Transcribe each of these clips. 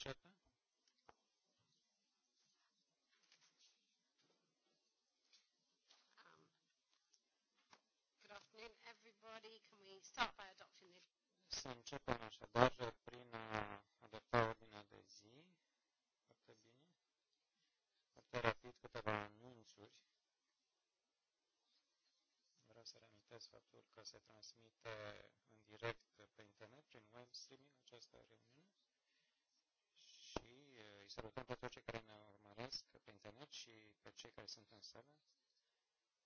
CETA, um, good afternoon, everybody. Can we start by adopting the... Să începem așadar prin a adopta ordinea de zi. Foarte bine. Foarte rapid câteva anunțuri. Vreau să reamintesc faptul că se transmite în direct pe internet, prin web streaming, această reuniune salutăm pe toți cei care ne urmăresc pe internet și pe cei care sunt în sală.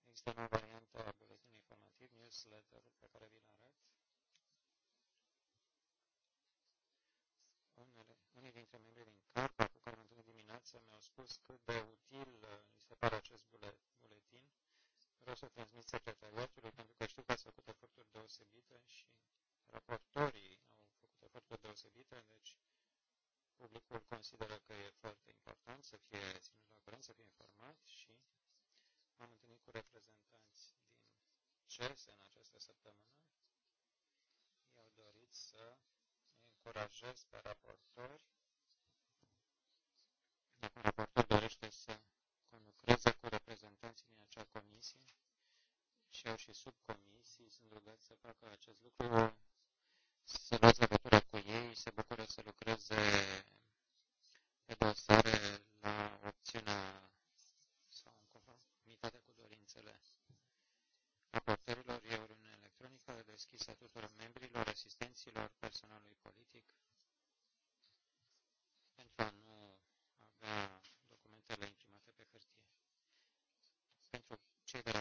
Există o variantă a buletinului informativ, newsletter, pe care vi-l arăt. Unele, unii dintre membrii din CARPA cu care am întâlnit dimineața mi-au spus cât de util îi uh, se pare acest bulet, buletin. Vreau să transmit secretariatului pentru că știu că ați făcut eforturi deosebite și raportorii au făcut eforturi deosebite, deci publicul consideră că e foarte important să fie ținut la curent, să fie informat și am întâlnit cu reprezentanți din CESE în această săptămână. I-au dorit să încurajez pe raportori. Acum raportor dorește să conlucreze cu reprezentanții din acea comisie și au și subcomisii, sunt rugați să facă acest lucru să luați legătura cu ei, se bucură să lucreze pe dosare la opțiunea sau în conformitate cu dorințele raportărilor. E o reuniune electronică deschisă tuturor membrilor, asistenților, personalului politic, pentru a nu avea documentele imprimate pe hârtie. Pentru cei de la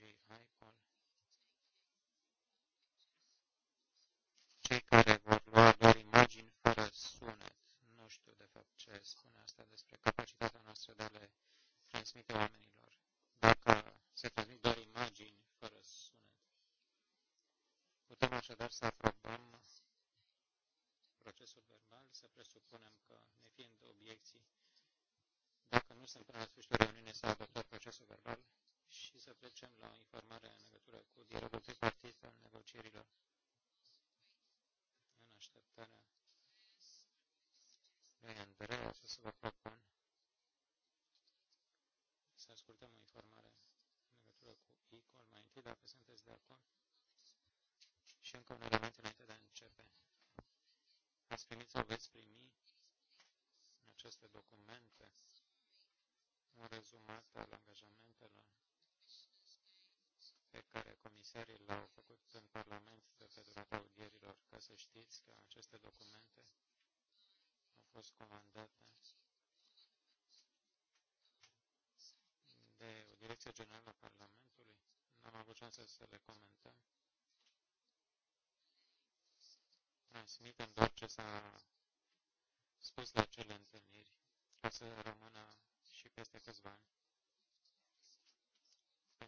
Icon. Cei care vor lua doar imagini fără sunet. Nu știu, de fapt, ce spune asta despre capacitatea noastră de a le transmite oamenilor. Dacă se transmit doar imagini fără sunet. Putem așadar să aprobăm procesul verbal, să presupunem că, ne fiind obiecții, dacă nu sunt până la sfârșitul reuniunii s-a adoptat procesul verbal, și să trecem la informare în legătură cu dialogul tripartit al negocierilor în așteptarea lui Andreea, ce să vă propun să ascultăm o informare în legătură cu ICOL mai întâi, dacă sunteți de acord. Și încă un element înainte de a începe. Ați primit sau veți primi aceste documente, un rezumat al angajamentelor pe care comisarii l-au făcut în Parlament pe durata audierilor. Ca să știți că aceste documente au fost comandate de o direcție generală a Parlamentului. N-am avut șansa să le comentăm. Transmitem doar ce s-a spus la cele întâlniri, ca să rămână și peste câțiva ani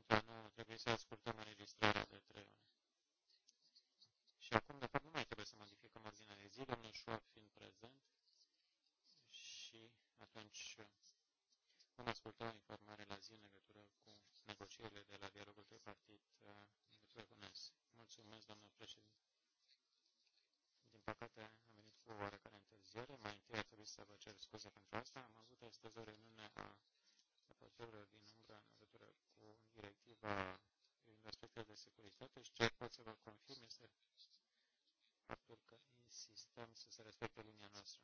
pentru a nu trebui să ascultăm înregistrarea de trei ore. Și acum, de fapt, nu mai trebuie să modificăm ordinea de zi, domnul Șoar fiind prezent și atunci vom asculta informare la zi în legătură cu negocierile de la dialogul tripartit uh, în legătură cu NES. Mulțumesc, doamnă președinte. Din păcate, am venit cu oarecare întârziere. Mai întâi a trebuit să vă cer scuze pentru asta. Am avut astăzi o reuniune a raportorilor din umbră în directiva privind aspectele de securitate și ce pot să vă confirm este faptul că insistăm să se respecte linia noastră.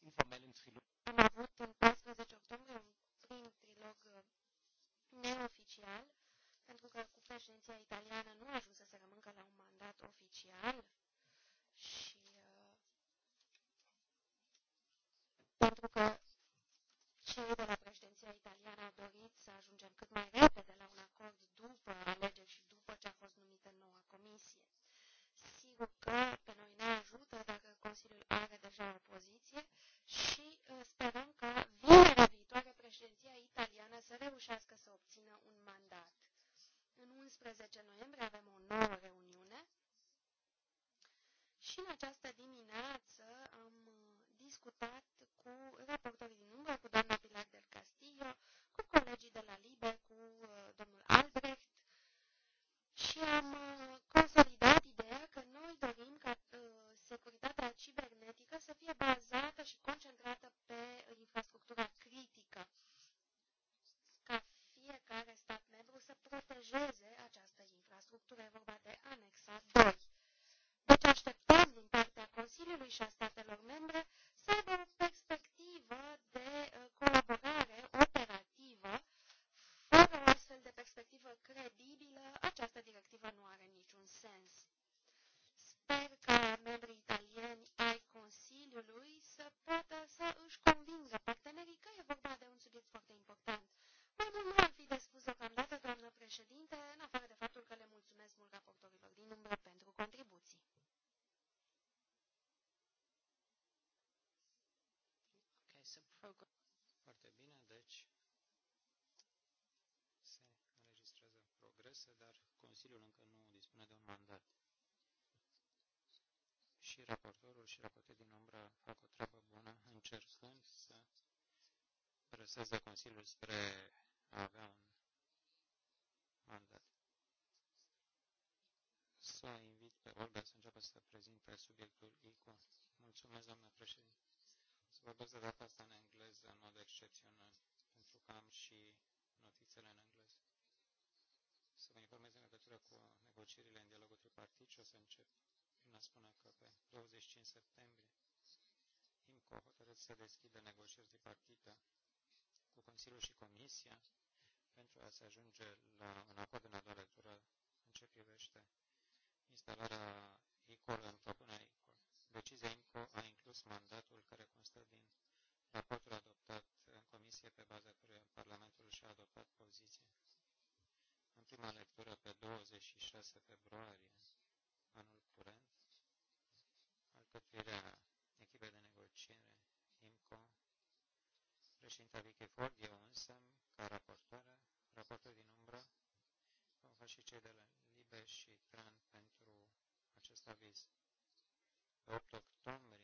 Informel în trilog. Am avut în 14 octombrie un prim trilog uh, neoficial, pentru că cu președinția italiană nu să se rămâncă la un mandat oficial și uh, pentru că de la președinția italiană a dorit să ajungem cât mai repede la un acord după alegeri și după ce a fost numită noua comisie. Sigur că pe noi ne ajută dacă Consiliul are deja o poziție și uh, sperăm că vinerea viitoare președinția italiană să reușească să obțină un mandat. În 11 noiembrie avem o nouă reuniune și în această dimineață am discutat cu raportorii din umbră, cu doamna Pilar del Castillo, cu colegii de la Libe, cu uh, domnul Albrecht și am uh, intereseze Consiliul spre 26 februarie anul curent, alcătuirea echipei de negociere IMCO, președinta Vicky Ford, eu însă, ca raportoare, raportul din umbră, vom face și cei de la Libe și Tran pentru acest aviz. Pe 8 octombrie,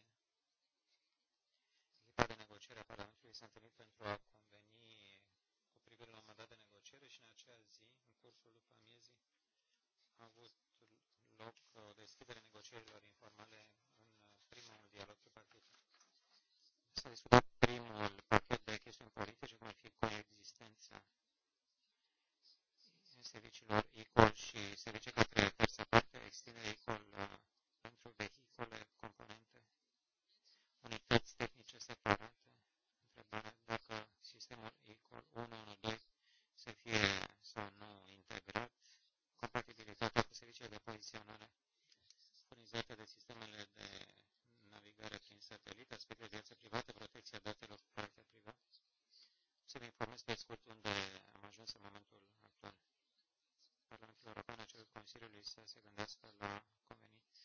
echipa de negociere a Parlamentului s-a întâlnit pentru a avut loc deschiderea negocierilor informale în primul dialog tripartit. S-a discutat primul Consiliului să se gândească la convenit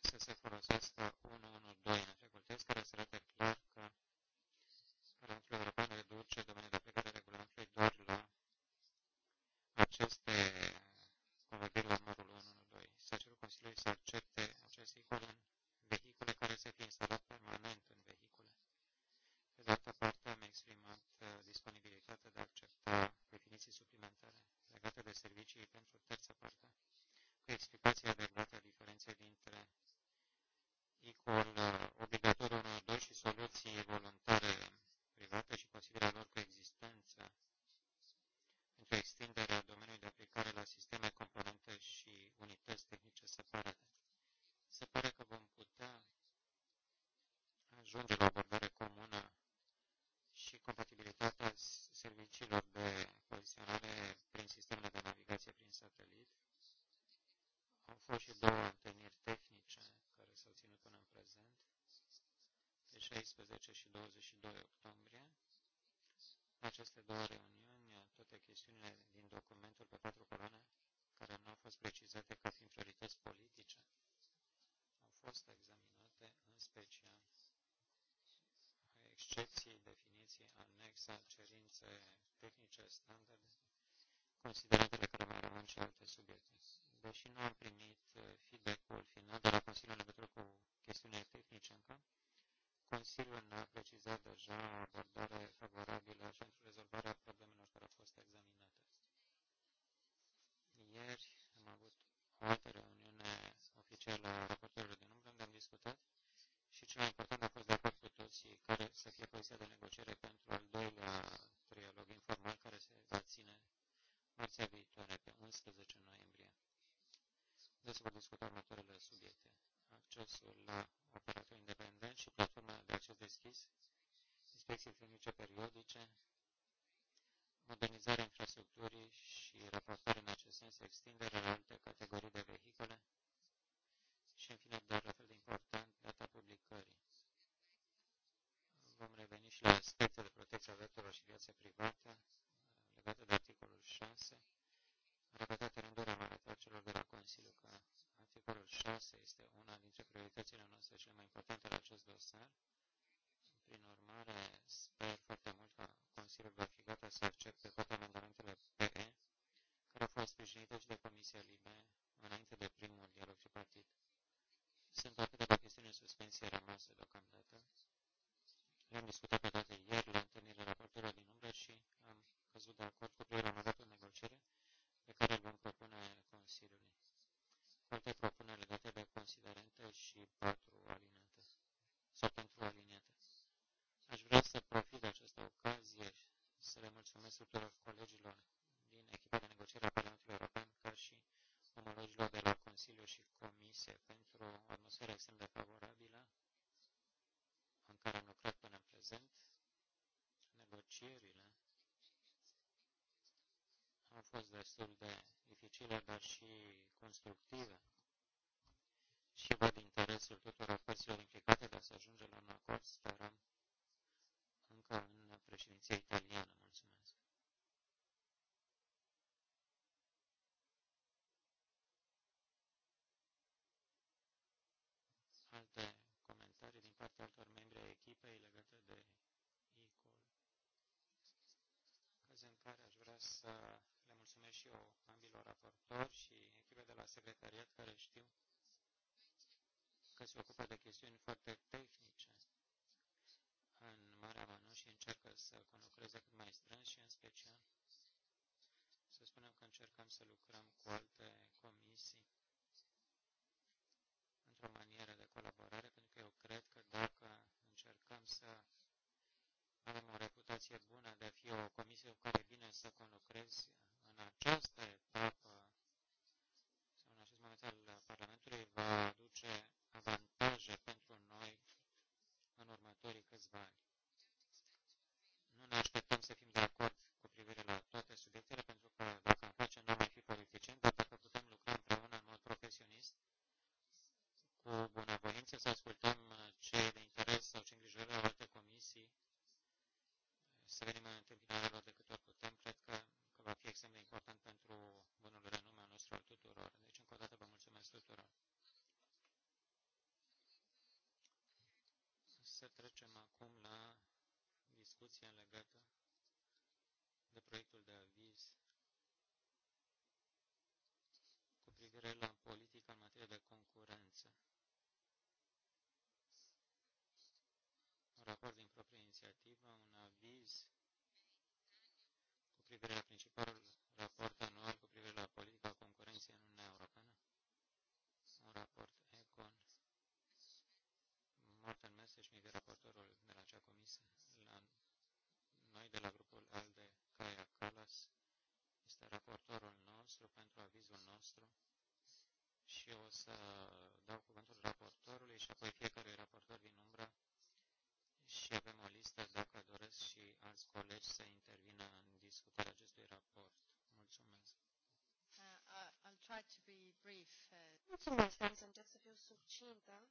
să se folosească 22 octombrie. Aceste două reuniuni, toate chestiunile din documentul pe patru coloane, care nu au fost precizate ca fiind priorități politice, au fost examinate în special excepții, definiții, anexa, cerințe tehnice, standarde, considerate care mai rămân și alte subiecte. Deși nu am primit uh, feedback-ul final de la Consiliul Consiliul ne-a precizat deja o abordare favorabilă pentru rezolvarea problemelor care au fost examinate. Ieri am avut o altă reuniune oficială a raportorilor de umbră, unde am discutat și cel mai important a fost de acord cu toții care să fie poziția de negociere pentru al doilea trialog informal care se va ține marțea viitoare, pe 11 noiembrie. Deci vor discuta următoarele subiecte. Accesul la operatori independenți și platforme proces deschis, inspecții tehnice periodice, modernizarea infrastructurii și raportarea în acest sens, extinderea la alte categorii de vehicule și, în fine, dar la fel de important, data publicării. Vom reveni și la aspectele de protecție a drepturilor și viața privată legate de articolul 6. Repetate rândul am arătat celor de la Consiliu că articolul 6 este una dintre prioritățile noastre cele mai importante la acest dosar prin urmare, sper foarte mult ca Consiliul va fi gata să accepte toate amendamentele PE, care au fost sprijinite și de Comisia Libe înainte de primul dialog partid. Sunt atât de chestiuni în suspensie rămase deocamdată. Le-am discutat pe toate ieri la întâlnirea raportelor din umbră și am căzut de acord cu privire la mandatul de negociere pe care îl vom propune Consiliului. Cu alte propuneri legate de considerente și patru alinate sau pentru aliniate. Aș vrea să profit de această ocazie să le mulțumesc tuturor colegilor din echipa de negociere a Parlamentului European, ca și omologilor de la Consiliu și Comisie, pentru o atmosferă extrem de favorabilă în care am lucrat până în prezent. Negocierile au fost destul de dificile, dar și constructive și văd interesul tuturor părților implicate de a se ajunge la un acord, sperăm, muncă în președinția italiană. Mulțumesc! Alte comentarii din partea altor membri ai echipei legate de ICOL. Caz în care aș vrea să le mulțumesc și eu ambilor raportori și echipe de la secretariat care știu că se ocupă de chestiuni foarte tehnice Marea Manu și încearcă să conlucreze cât mai strâns și, în special, să spunem că încercăm să lucrăm cu alte comisii într-o manieră de colaborare, pentru că eu cred că dacă încercăm să avem o reputație bună de a fi o comisie cu care bine să conlucrezi în această etapă sau în acest moment al Parlamentului, va aduce să fim de acord cu privire la toate subiectele, pentru că dacă îmi place, n-am mai fi politicieni, dar dacă putem lucra împreună în mod profesionist, cu bunăvoință, să ascultăm uh, ce de interes sau ce îngrijorări au alte comisii, să venim în întâmpinarea lor de câte ori putem, cred că, că va fi extrem de important pentru bunul renume al nostru al tuturor. Deci, încă o dată, vă mulțumesc tuturor. Să trecem acum la discuția legată proiectul de aviz să dau cuvântul raportorului și apoi fiecare raportor din umbră și avem o listă dacă doresc și alți colegi să intervină în discutarea acestui raport. Mulțumesc. Uh, uh, uh, Mulțumesc, am să încerc să fiu succintă.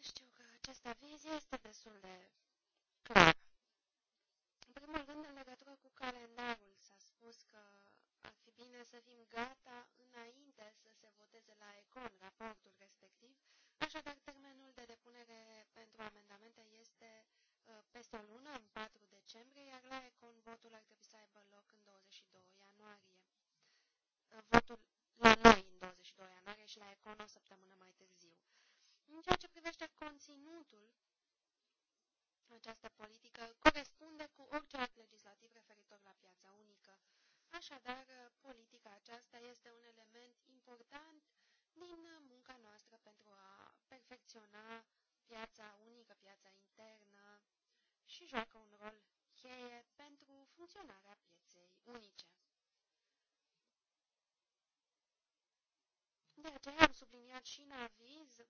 Știu că această vizie este destul de clar. În primul rând, în legătură cu calendarul, s-a spus că ar fi bine să fim gata com raportul respectiv, așadar termenul de depunere pentru amendamente este uh, peste o lună, în 4 decembrie, iar la Econ votul ar trebui să aibă loc în 22 ianuarie. Uh, votul la noi în 22 ianuarie și la Econ o săptămână mai târziu. În ceea ce privește conținutul, această politică corespunde cu orice act legislativ referitor la piața unică. Așadar, uh, politica aceasta este un element important din uh, munca noastră pentru a perfecționa piața unică, piața internă și joacă un rol cheie pentru funcționarea pieței unice. De aceea am subliniat și în aviz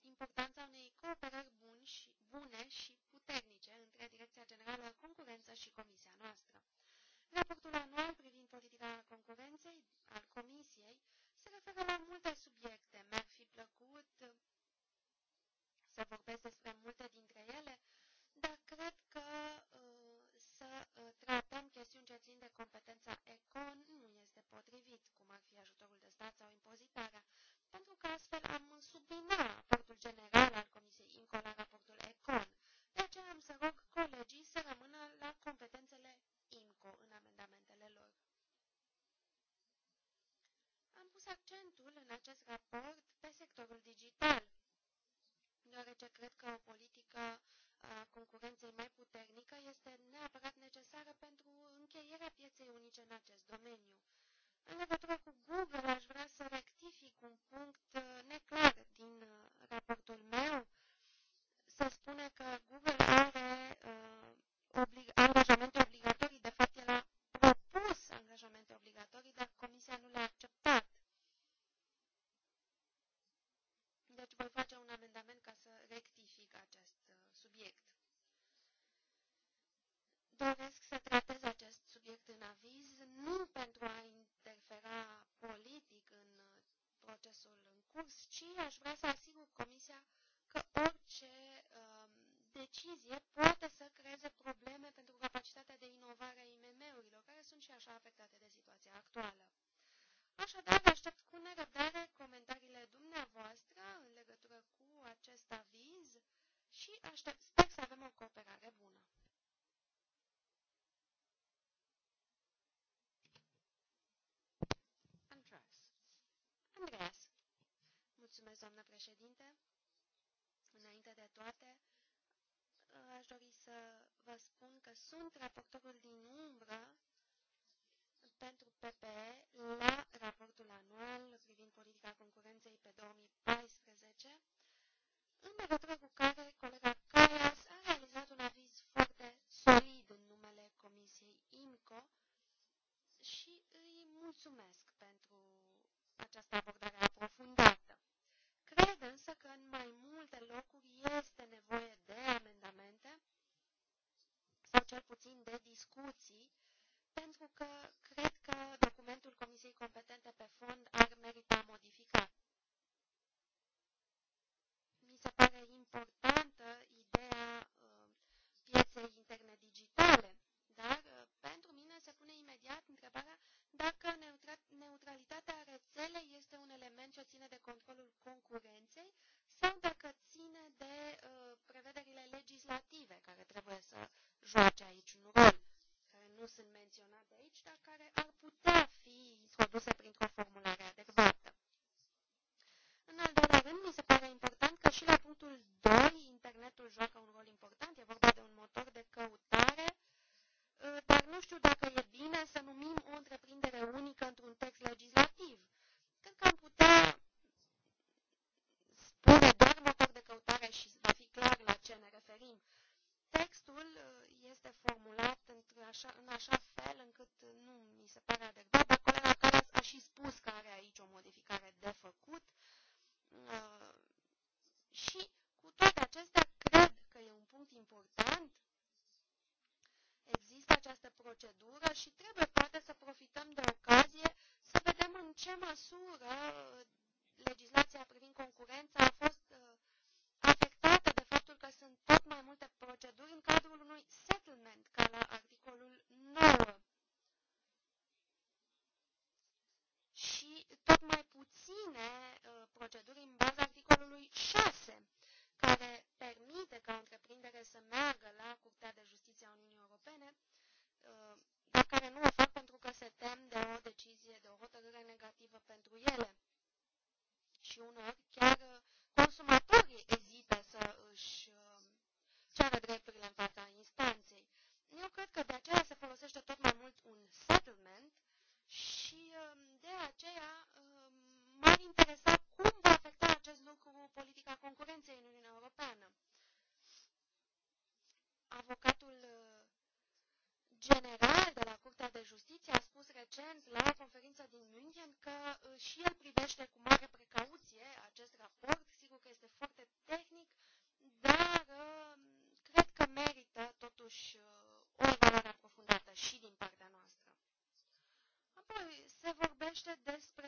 importanța unei cooperări bun și, bune și puternice între Direcția Generală a Concurență și Comisia noastră. Raportul anual privind politica concurenței al Comisiei se referă la multe subiecte. legătură președinte. Înainte de toate, aș dori să vă spun că sunt raportorul din discuții, pentru că cred că documentul Comisiei Competente sunt menționate aici, dar care ar putea fi introduse măsură vorbește despre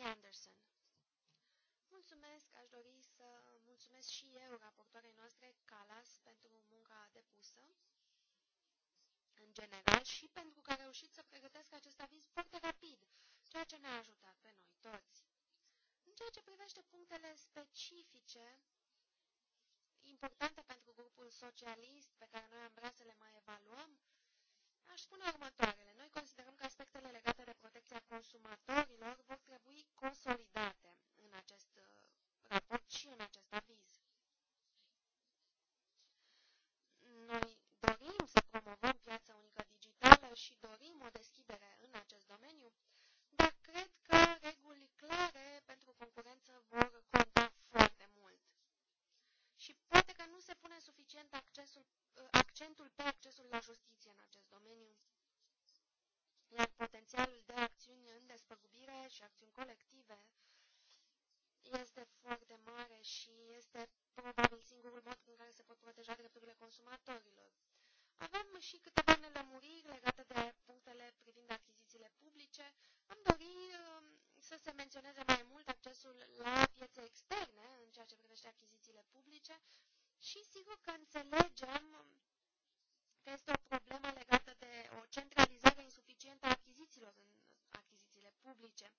Lucy Anderson. Mulțumesc, aș dori să mulțumesc și eu raportoarei noastre, Calas, pentru munca depusă în general și pentru că a reușit să pregătească acest aviz foarte rapid, ceea ce ne-a ajutat pe noi toți. În ceea ce privește punctele specifice importante pentru grupul socialist, pe care noi am vrea să le mai evaluăm, aș spune următoarele. Noi considerăm că aspectele legate de protecția consumatorilor vor trebui consolidate în acest uh, raport și în acest aviz. nu se pune suficient accesul, uh, accentul pe accesul la justiție în acest domeniu, iar potențialul de acțiuni în despăgubire și acțiuni colective este foarte mare și este probabil singurul mod în care se pot proteja drepturile consumatorilor. Avem și câteva nelămuriri legate de punctele privind achizițiile publice. Am dorit um, să se menționeze mai mult accesul la piețe externe în ceea ce privește achizițiile publice și sigur că înțelegem că este o problemă legată de o centralizare insuficientă a achizițiilor în achizițiile publice.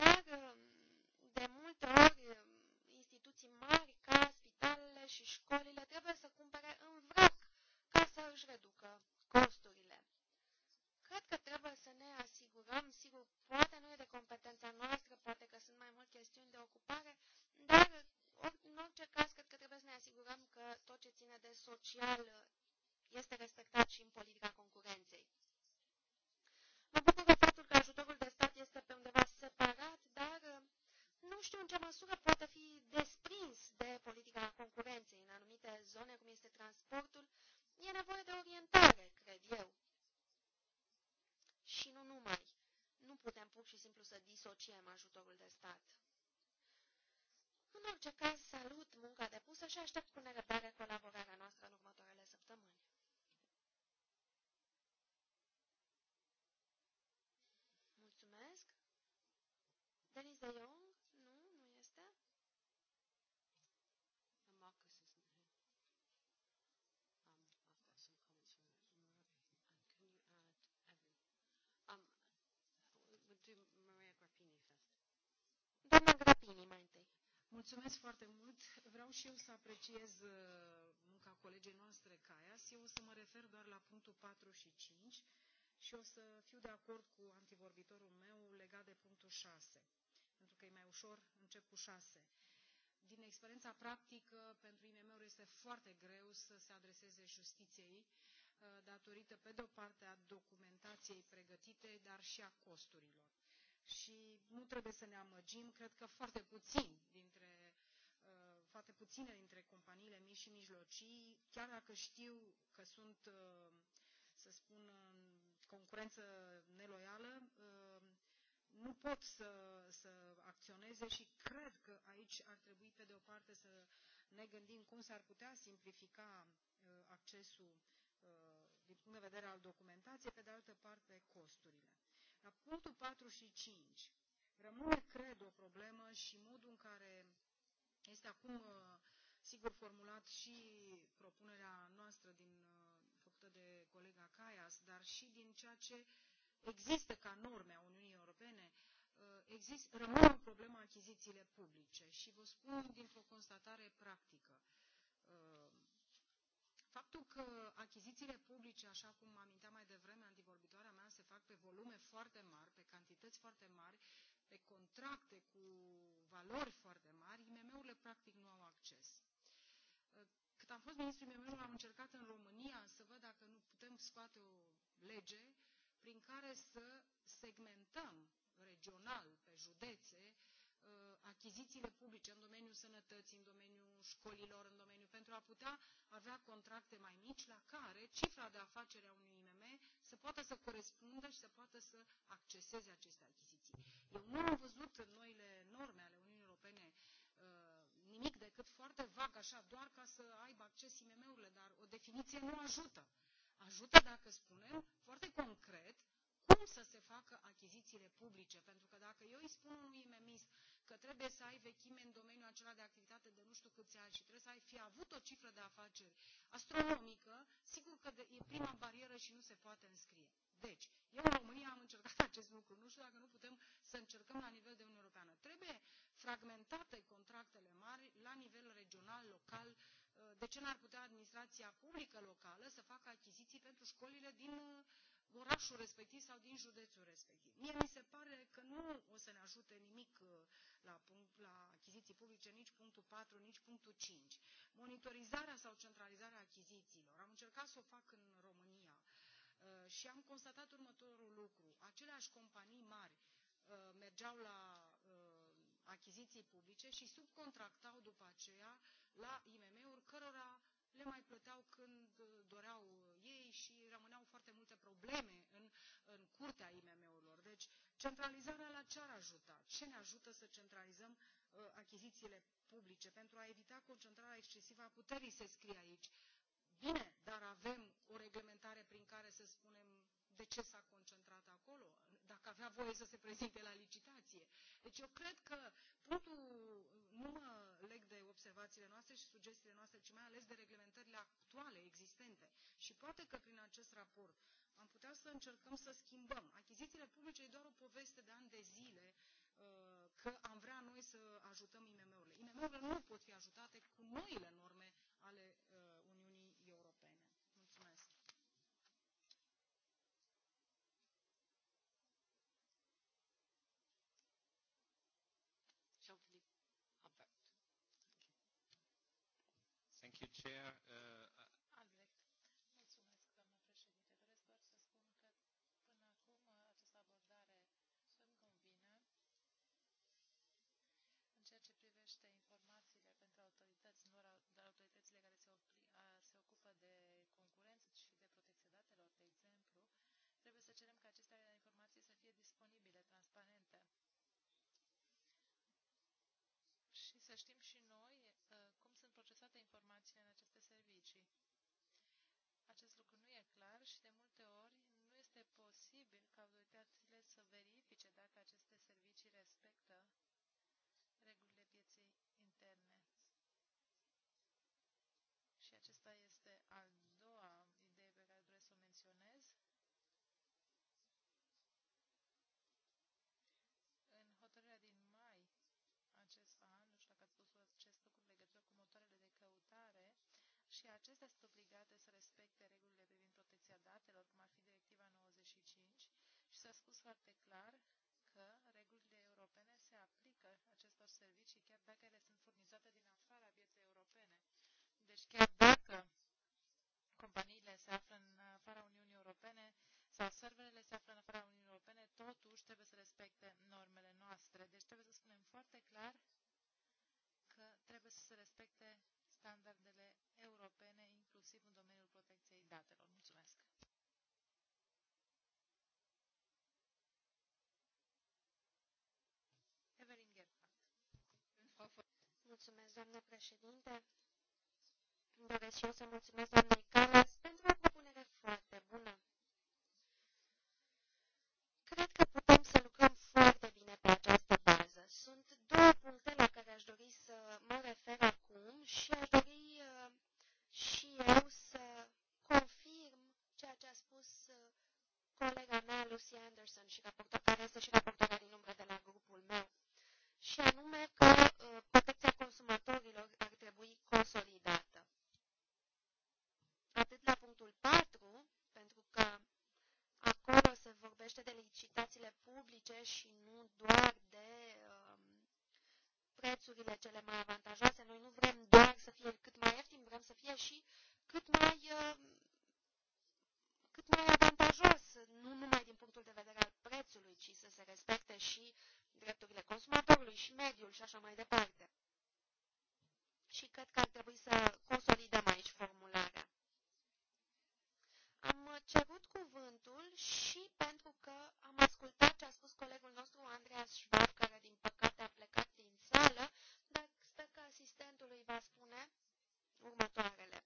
Dar, um, de multe ori, um, instituții mari ca spitalele și școlile trebuie să cumpere în vrac ca să își reducă costurile. Cred că trebuie să ne asigurăm, sigur, poate nu e de competența noastră, poate că sunt mai mult chestiuni de ocupare, dar în orice caz, cred că trebuie să ne asigurăm că tot ce ține de social este respectat și în politica concurenței. Mă de faptul că ajutorul de stat este pe undeva separat, dar uh, nu știu în ce măsură poate fi desprins de politica concurenței. În anumite zone, cum este transportul, e nevoie de orientare, cred eu. Și nu numai. Nu putem pur și simplu să disociem ajutorul de stat. În orice caz, salut munca depusă și aștept cu nerăbdare colaborarea noastră în Mulțumesc foarte mult. Vreau și eu să apreciez uh, munca colegei noastre, Caias. Eu o să mă refer doar la punctul 4 și 5 și o să fiu de acord cu antivorbitorul meu legat de punctul 6, pentru că e mai ușor, încep cu 6. Din experiența practică, pentru IMM-uri este foarte greu să se adreseze justiției, uh, datorită, pe de-o parte, a documentației pregătite, dar și a costurilor. Și nu trebuie să ne amăgim, cred că foarte puțin din foarte puține dintre companiile mici și mijlocii, chiar dacă știu că sunt, uh, să spun, în concurență neloială, uh, nu pot să, să acționeze și cred că aici ar trebui, pe de o parte, să ne gândim cum s-ar putea simplifica uh, accesul din punct de vedere al documentației, pe de altă parte, costurile. La punctul 4 și 5 rămâne, cred, o problemă și modul în care este acum, uh, sigur, formulat și propunerea noastră din, uh, făcută de colega Caias, dar și din ceea ce există ca norme a Uniunii Europene, uh, exist, rămâne o problemă achizițiile publice și vă spun dintr-o constatare practică. Faptul că achizițiile publice, așa cum aminteam mai devreme antivorbitoarea mea, se fac pe volume foarte mari, pe cantități foarte mari, pe contracte cu valori foarte mari, IMM-urile practic nu au acces. Uh, cât am fost ministru imm am încercat în România să văd dacă nu putem scoate o lege prin care să segmentăm regional, pe județe, uh, achizițiile publice în domeniul sănătății, în domeniul școlilor, în domeniul pentru a putea avea contracte mai mici la care cifra de afacere a unui IMM să poată să corespundă și să poată să acceseze aceste achiziții. Eu nu am văzut în noile norme ale Uniunii Europene uh, nimic decât foarte vag, așa, doar ca să aibă acces IMM-urile, dar o definiție nu ajută. Ajută dacă spunem foarte concret cum să se facă achizițiile publice, pentru că dacă eu îi spun unui IMM că trebuie să ai vechime în domeniul acela de activitate de nu știu câți ani și trebuie să ai fi avut o cifră de afaceri astronomică, sigur că de, e prima barieră și nu se poate înscrie. Deci, eu în România am încercat acest lucru. Nu știu dacă nu putem să încercăm la nivel de Uniune Europeană. Trebuie fragmentate contractele mari la nivel regional, local. Uh, de ce n-ar putea administrația publică locală să facă achiziții pentru școlile din uh, orașul respectiv sau din județul respectiv. Mie mi se pare că nu o să ne ajute nimic uh, la, punct, la achiziții publice, nici punctul 4, nici punctul 5. Monitorizarea sau centralizarea achizițiilor. Am încercat să o fac în România Uh, și am constatat următorul lucru. Aceleași companii mari uh, mergeau la uh, achiziții publice și subcontractau după aceea la IMM-uri cărora le mai plăteau când doreau ei și rămâneau foarte multe probleme în, în curtea IMM-urilor. Deci, centralizarea la ce ar ajuta? Ce ne ajută să centralizăm uh, achizițiile publice pentru a evita concentrarea excesivă a puterii, se scrie aici, Bine, dar avem o reglementare prin care să spunem de ce s-a concentrat acolo, dacă avea voie să se prezinte la licitație. Deci eu cred că punctul, nu mă leg de observațiile noastre și sugestiile noastre, ci mai ales de reglementările actuale, existente. Și poate că prin acest raport am putea să încercăm să schimbăm. Achizițiile publice e doar o poveste de ani de zile uh, că am vrea noi să ajutăm IMM-urile. IMM-urile nu pot fi ajutate cu noile norme ale să știm și noi uh, cum sunt procesate informațiile în aceste servicii. Acest lucru nu e clar și de multe ori nu este posibil ca autoritățile să verifice dacă aceste servicii Acestea sunt obligate să respecte regulile privind protecția datelor, cum ar fi Directiva 95, și s-a spus foarte clar că regulile europene se aplică acestor servicii chiar dacă ele sunt furnizate din afara pieței europene. Deci chiar dacă companiile se află în afara Uniunii Europene sau serverele se află în afara Uniunii Europene, totuși trebuie să respecte normele noastre. Deci trebuie să spunem foarte clar că trebuie să se respecte standardele europene, inclusiv în domeniul protecției datelor. Mulțumesc! Evelyn Mulțumesc, doamnă președinte. Îmi doresc și eu să mulțumesc doamnei Calas pentru o propunere foarte bună. Cred că putem să lucrăm foarte bine pe această bază. Sunt două puncte la care aș dori să mă refer și aș dori uh, și eu să confirm ceea ce a spus uh, colega mea, Lucy Anderson, și raportor, care este și raportoarea din umbră de la grupul meu, și anume că uh, protecția consumatorilor ar trebui consolidată. Atât la punctul 4, pentru că acolo se vorbește de licitațiile publice și nu doar de uh, prețurile cele mai avantajoase. Noi nu vrem doar să fie cât mai ieftin, vrem să fie și cât mai, uh, cât mai avantajos, nu numai din punctul de vedere al prețului, ci să se respecte și drepturile consumatorului și mediul și așa mai departe. Și cred că ar trebui să consolidăm aici formularea. Am cerut cuvântul și pentru că am ascultat ce a spus colegul nostru Andreas Schwab, care din va spune următoarele.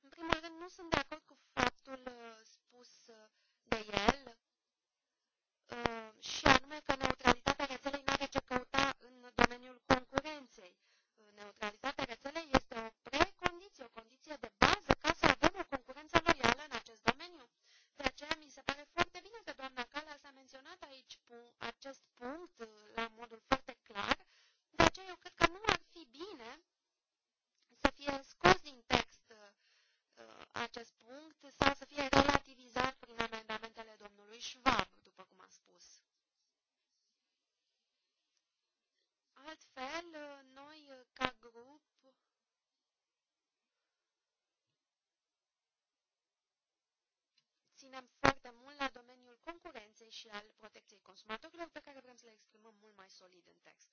În primul rând, nu sunt de acord cu faptul uh, spus uh, de el, uh, și anume că neutralitatea rețelei nu are ce căuta în domeniul concurenței. Neutralitatea rețelei și al protecției consumatorilor, pe care vrem să le exprimăm mult mai solid în text.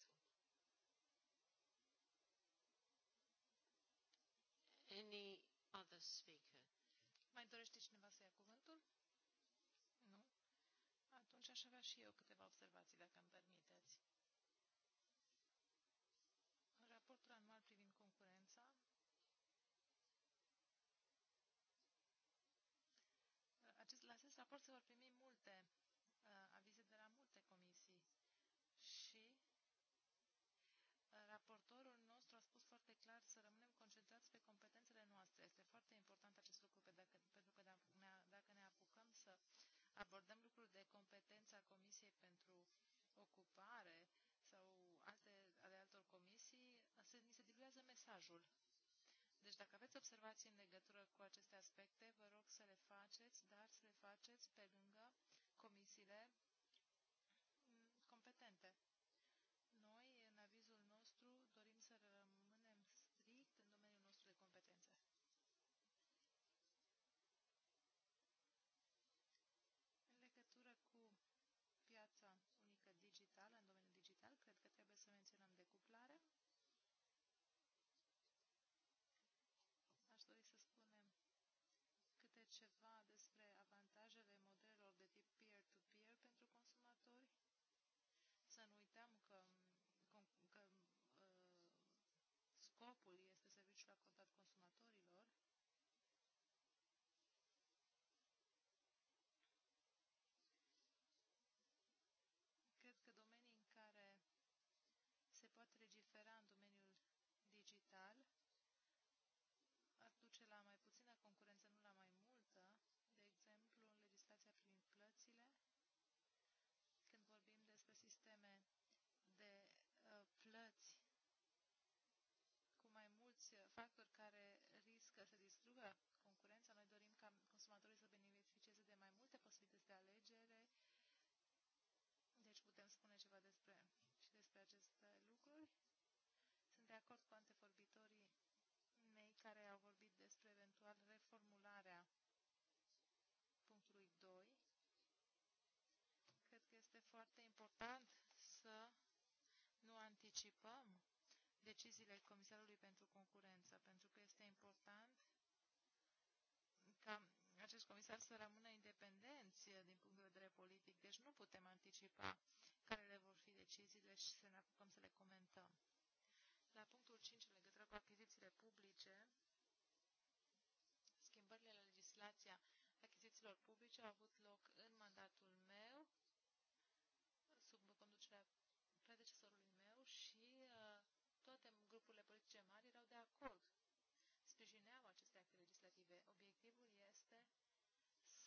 Any other speaker? Mai dorește cineva să ia cuvântul? Nu? Atunci aș avea și eu câteva observații, dacă îmi competența Comisiei pentru Ocupare sau alte, ale altor comisii, se, ni se diblează mesajul. Deci dacă aveți observații în legătură cu aceste aspecte, vă rog să le faceți, dar să le faceți pe lângă comisiile acord cu antevorbitorii mei care au vorbit despre eventual reformularea punctului 2. Cred că este foarte important să nu anticipăm deciziile Comisarului pentru Concurență, pentru că este important ca acest Comisar să rămână independenți din punct de vedere politic, deci nu putem anticipa care le vor fi deciziile și să ne apucăm să le comentăm. La punctul 5, în legătură cu achizițiile publice, schimbările la legislația achizițiilor publice au avut loc în mandatul meu, sub conducerea predecesorului meu și uh, toate grupurile politice mari erau de acord. Sprijineau aceste acte legislative. Obiectivul este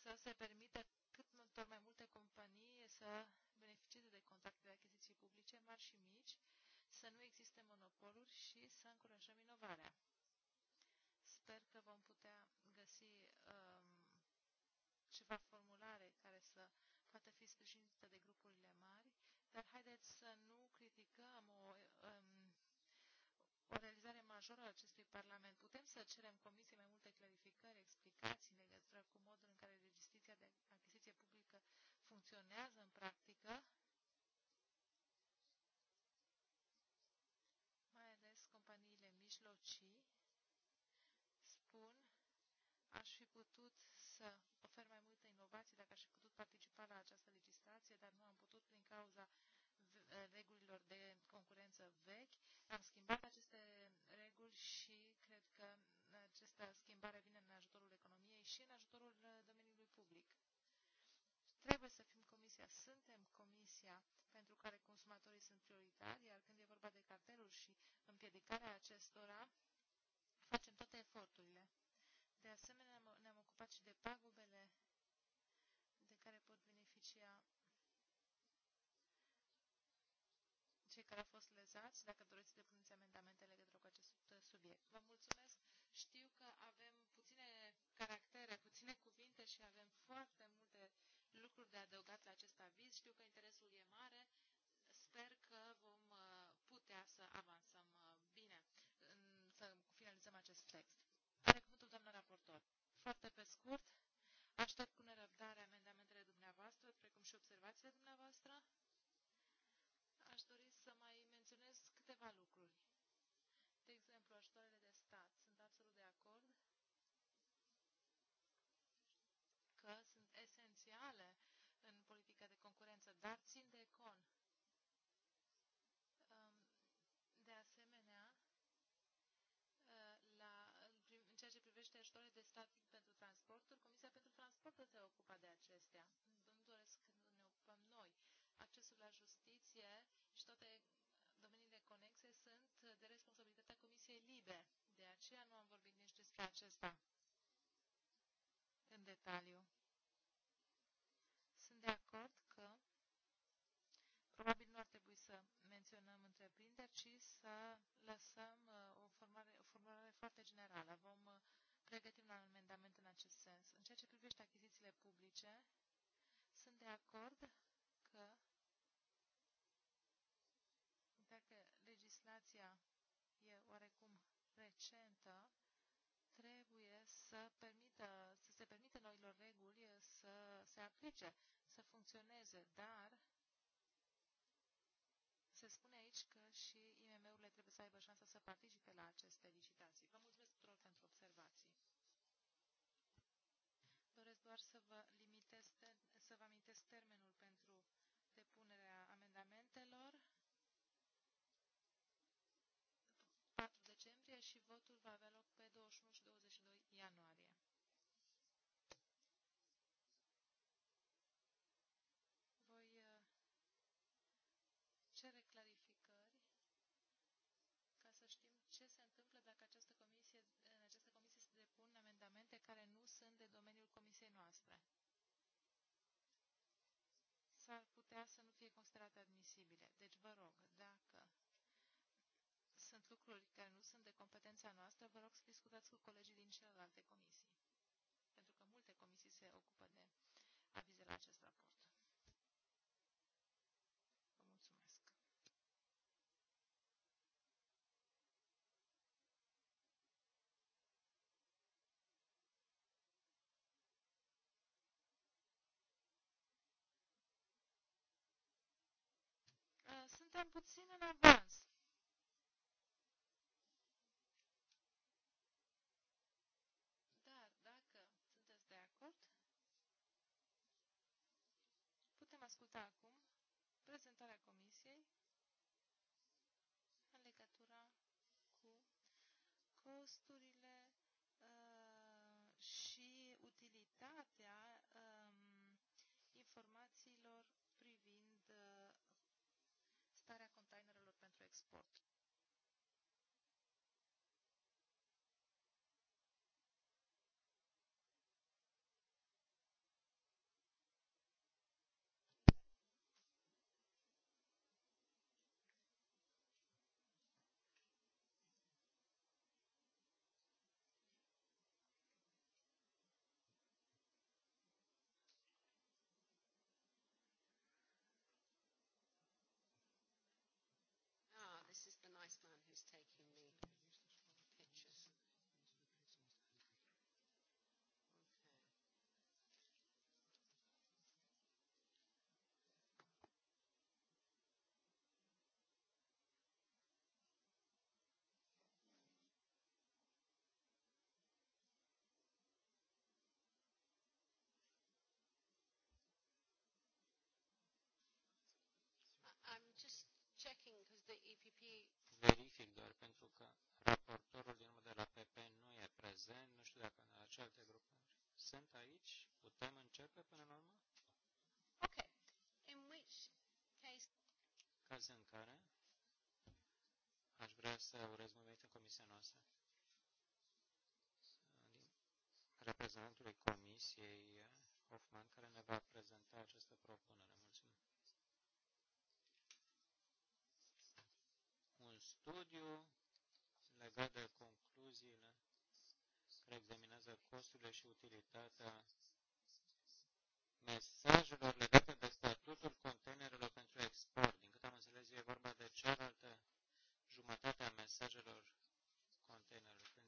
să se permită cât mai multe companii să beneficieze de contracte de achiziții publice, mari și mici, să nu existe monopoluri și să încurajăm inovarea. Sper că vom putea găsi um, ceva formulare care să poată fi sprijinită de grupurile mari, dar haideți să nu criticăm o, um, o realizare majoră a acestui Parlament. Putem să cerem Comisiei mai multe clarificări, explicații în legătură cu modul în care legislația de achiziție publică funcționează în practică, putut să ofer mai multă inovații dacă aș fi putut participa la această legislație, dar nu am putut din cauza eh, regulilor de concurență vechi. Am schimbat aceste reguli și cred că această schimbare vine în ajutorul economiei și în ajutorul eh, domeniului public. Trebuie să fim comisia, suntem comisia pentru care consumatorii sunt prioritari, iar când e vorba de carteluri și împiedicarea acestora, facem toate eforturile. De asemenea, ne-am ocupat și de pagubele de care pot beneficia cei care au fost lezați, dacă doriți să depuneți amendamente legătură cu acest subiect. Vă mulțumesc! Știu că avem puține caractere, puține cuvinte și avem Aștept cu nerăbdare amendamentele dumneavoastră, precum și observațiile dumneavoastră. Aș dori să mai menționez câteva lucruri. De exemplu, ajutoarele de libe. De aceea nu am vorbit nici despre acesta în detaliu. Sunt de acord că probabil nu ar trebui să menționăm întreprinderi, ci să lăsăm uh, o formare, o formulare foarte generală. Vom uh, pregăti un amendament în acest sens. În ceea ce privește achizițiile publice, sunt de acord că recentă trebuie să, permită, să se permită noilor reguli să se aplice, să funcționeze, dar se spune aici că și IMM-urile trebuie să aibă șansa să participe la aceste licitații. Vă mulțumesc tuturor pentru observații. Doresc doar să vă, limitez, să vă amintesc termenul pentru depunerea amendamentelor. și votul va avea loc pe 21 și 22 ianuarie. Voi uh, cere clarificări ca să știm ce se întâmplă dacă această comisie, în această comisie se depun amendamente care nu sunt de domeniul comisiei noastre. S-ar putea să nu fie considerate admisibile. Deci vă rog, dacă sunt lucruri care nu sunt de competența noastră, vă rog să discutați cu colegii din celelalte comisii, pentru că multe comisii se ocupă de avize la acest raport. Mulțumesc. suntem puțin în avans. raportarea Comisiei în legătură cu costurile uh, și utilitatea um, informațiilor privind uh, starea containerelor pentru export. nice man who's taking verific doar pentru că raportorul din urmă de la PP nu e prezent, nu știu dacă în alte grupuri sunt aici, putem începe până la urmă? Ok. In which case... Caz în care aș vrea să urez bun venit în comisia noastră. Reprezentantului comisiei Hoffman, care ne va prezenta această propunere. Mulțumesc. studiu legat de concluziile care examinează costurile și utilitatea mesajelor legate de statutul containerelor pentru export. Din câte am înțeles, e vorba de cealaltă jumătate a mesajelor containerelor.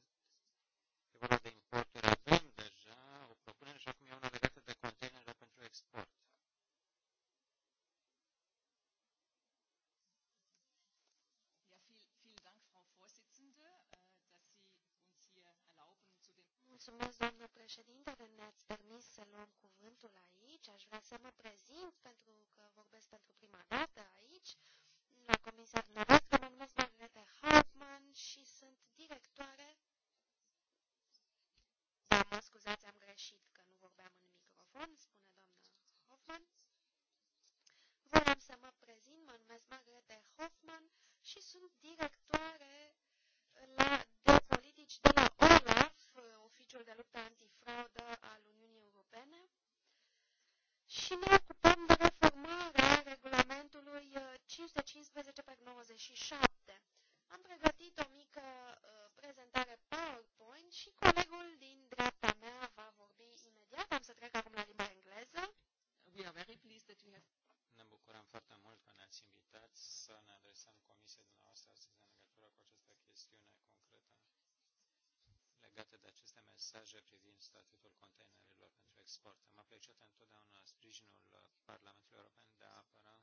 E vorba de importuri mulțumesc, doamnă președinte, că ne-ați permis să luăm cuvântul aici. Aș vrea să mă prezint pentru că vorbesc pentru prima dată aici, la Comisia dumneavoastră. Mă numesc Margarete Hauptmann și sunt directoare... Da, mă scuzați, am greșit că nu vorbeam în microfon, spune doamna Hoffman. Vreau să mă prezint, mă numesc Margarete Hoffman și sunt directoare la, de politici de la Serviciul de Luptă Antifraudă al Uniunii Europene și ne ocupăm de reformarea regulamentului 515 uh, pe 97. Am pregătit o mică uh, prezentare PowerPoint și colegul din dreapta mea va vorbi imediat. Am să trec acum la limba engleză. We are very pleased that you have... Ne bucurăm foarte mult că ne-ați invitat să ne adresăm comisiei dumneavoastră astăzi în legătură cu această chestiune concretă legate de aceste mesaje privind statutul containerelor pentru export. Am apreciat întotdeauna sprijinul Parlamentului European de a apăra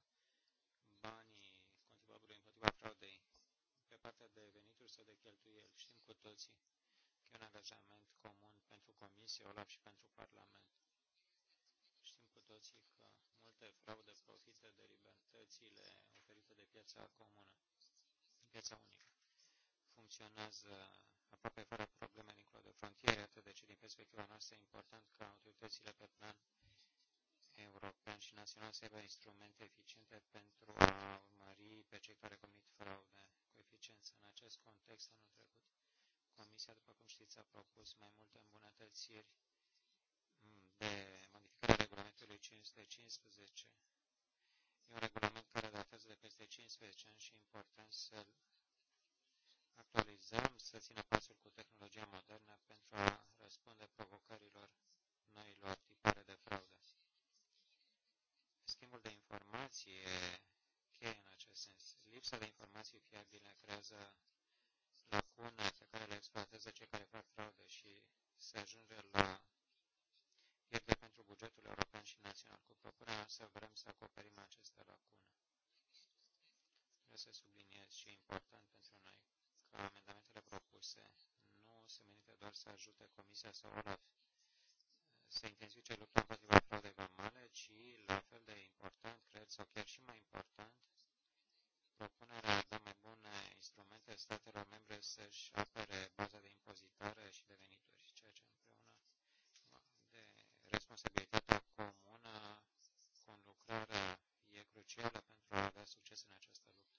banii contribuabilului împotriva fraudei pe partea de venituri sau de cheltuieli. Știm cu toții că e un angajament comun pentru Comisie, OLAF și pentru Parlament. Știm cu toții că multe fraude profită de libertățile oferite de piața comună, piața unică. Funcționează aproape fără probleme dincolo de frontiere, atât de ce din perspectiva noastră e important ca autoritățile pe plan european și național să aibă instrumente eficiente pentru a urmări pe cei care comit fraude cu eficiență. În acest context, anul trecut, Comisia, după cum știți, a propus mai multe îmbunătățiri de modificare a regulamentului 515. E un regulament care datează de peste 15 ani și e important să-l actualizăm, să țină pasul cu tehnologia modernă pentru a răspunde provocărilor noilor tipare de fraudă. Schimbul de informație cheie în acest sens. Lipsa de informații fiabile creează lacune pe care le exploatează cei care fac fraude și se ajunge la pierderi pentru bugetul european și național. Cu propunerea noastră vrem să acoperim aceste lacune. Vreau să subliniez și important pentru noi că amendamentele propuse nu se menită doar să ajute Comisia sau OLAF să intensifice lupta împotriva fraudei vamale, ci, la fel de important, cred, sau chiar și mai important, propunerea de da mai bune instrumente statelor membre să-și apere baza de impozitare și de venituri, ceea ce împreună de responsabilitatea comună, conlucrarea e crucială pentru a avea succes în această luptă.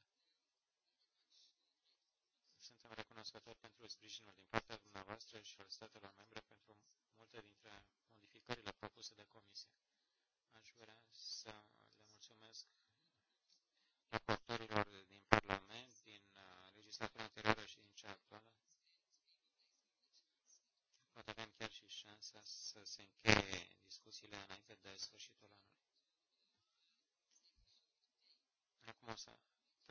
Suntem recunoscători pentru sprijinul din partea dumneavoastră și al statelor membre pentru multe dintre modificările propuse de comisie. Aș vrea să le mulțumesc raportorilor din Parlament, din uh, legislatura anterioară și din cea actuală. Poate avem chiar și șansa să se încheie discuțiile înainte de sfârșitul anului. Acum o să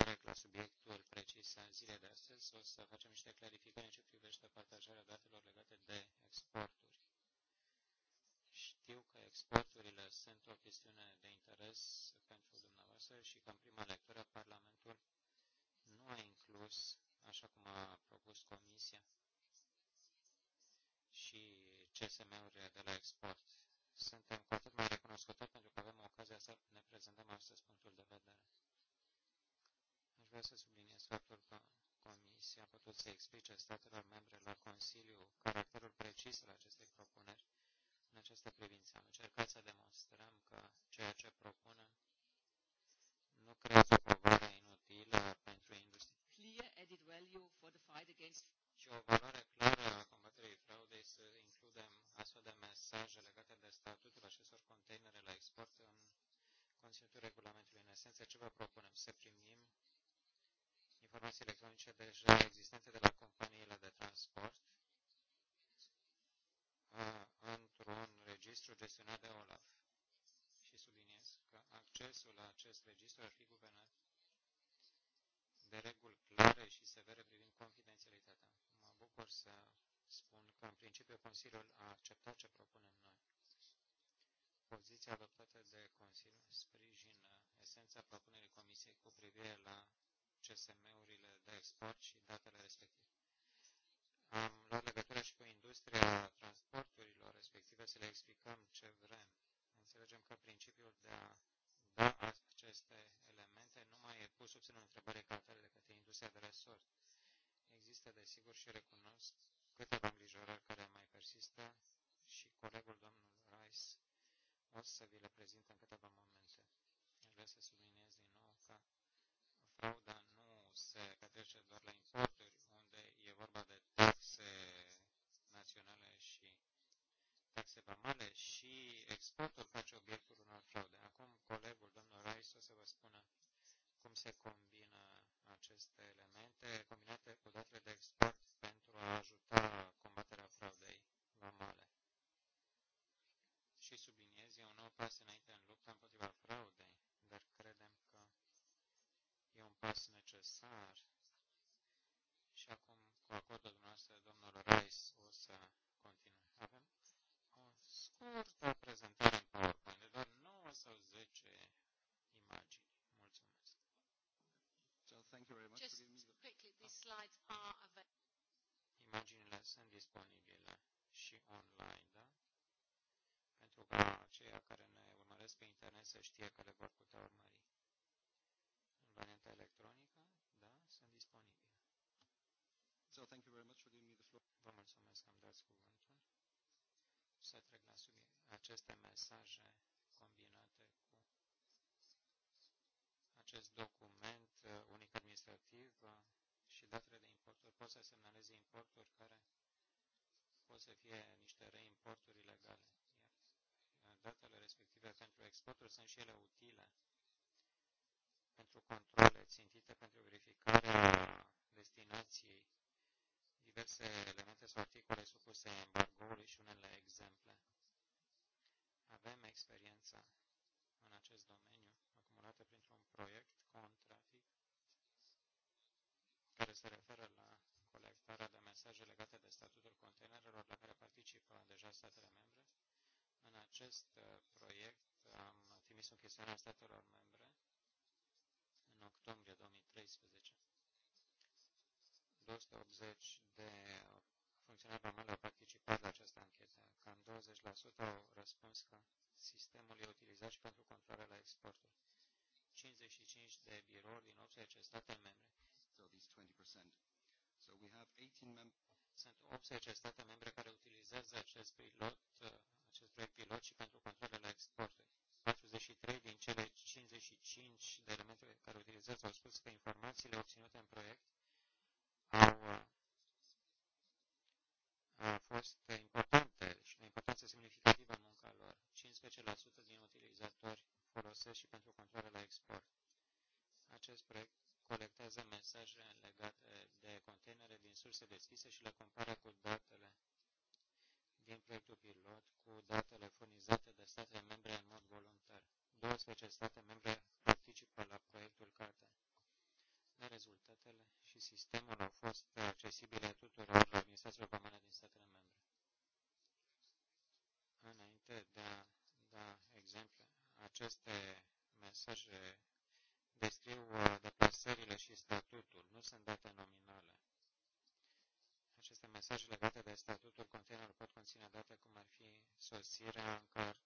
corect la subiectul precis al zilei de astăzi. O să facem niște clarificări în ce privește partajarea datelor legate de exporturi. Știu că exporturile sunt o chestiune de interes pentru dumneavoastră și că în prima lectură Parlamentul nu a inclus, așa cum a propus Comisia, și CSM-urile de la export. Suntem cu atât mai recunoscători pentru că avem ocazia să ne prezentăm astăzi punctul de vedere. Aș vrea să subliniez faptul că Comisia a putut să explice statelor membre la Consiliu caracterul precis al acestei propuneri în această privință. Am încercat să demonstrăm că ceea ce propunem nu creează povară inutilă pentru industrie. Clear added value for the fight against și o valoare clară a combaterii fraudei să includem astfel de mesaje legate de statutul acestor containere la export în conținutul regulamentului. În esență, ce vă propunem? Să primim informații electronice deja existente de la companiile de transport într-un registru gestionat de OLAF. Și subliniez că accesul la acest registru ar fi guvernat de reguli clare și severe privind confidențialitatea. Mă bucur să spun că, în principiu, Consiliul a acceptat ce propunem noi. Poziția adoptată de Consiliu sprijină esența propunerii Comisiei cu privire la CSM-urile de export și datele respective. Am luat legătura și cu industria transporturilor respective să le explicăm ce vrem. Înțelegem că principiul de a da aceste elemente nu mai e pus sub semnul întrebării ca atare de către industria de resort. Există, desigur, și recunosc câteva îngrijorări care mai persistă și colegul domnul Rice o să vi le prezint în câteva momente. Aș vrea să subliniez referește doar la importuri, unde e vorba de taxe naționale și taxe vamale și exportul face obiectul unor fraude. Acum colegul, domnul Rice, o să vă spună cum se combină aceste elemente combinate cu datele de export pentru a ajuta combaterea fraudei vamale. Și subliniez, e un nou pas înainte în lupta împotriva fraudei, dar credem că e un pas necesar raportul dumneavoastră, domnul Rice, o să continue. Avem o scurtă prezentare în PowerPoint, de doar 9 sau 10 imagini. Mulțumesc. So, thank you very much Just for the... quickly, these slides are available. Imaginile sunt disponibile și online, da? Pentru ca aceia care ne urmăresc pe internet să știe că le vor putea urmări. În varianta electronică, So thank you very much for giving me the floor. Vă mulțumesc că am dat cuvântul. Să trec la subiect. Aceste mesaje combinate cu acest document uh, unic administrativ uh, și datele de importuri. Poți să semnalezi importuri care pot să fie niște reimporturi ilegale. Iar uh, datele respective pentru exporturi sunt și ele utile pentru controle țintite pentru verificarea destinației diverse elemente sau articole supuse embargoului și unele exemple. Avem experiență în acest domeniu acumulată printr-un proiect contrafic care se referă la colectarea de mesaje legate de statutul containerelor la care participă deja statele membre. În acest uh, proiect am trimis un chestionar statelor membre în octombrie 2013 280 de funcționari români au participat la această anchetă. Cam 20% au răspuns că sistemul e utilizat și pentru controle la exporturi. 55 de birouri din 18 state membre. So these 20%. So we have 18 mem- Sunt 18 state membre care utilizează colectează mesaje legate de containere din surse deschise și le compară cu datele din proiectul pilot cu datele furnizate de statele membre în mod voluntar. 12 state membre participă la proiectul CARTE. Rezultatele și sistemul au fost accesibile tuturor administrațiilor comune din statele membre. Înainte de a da exemple, aceste mesaje amenințările și statutul, nu sunt date nominale. Aceste mesaje legate de statutul containerului pot conține date cum ar fi sosirea, încar,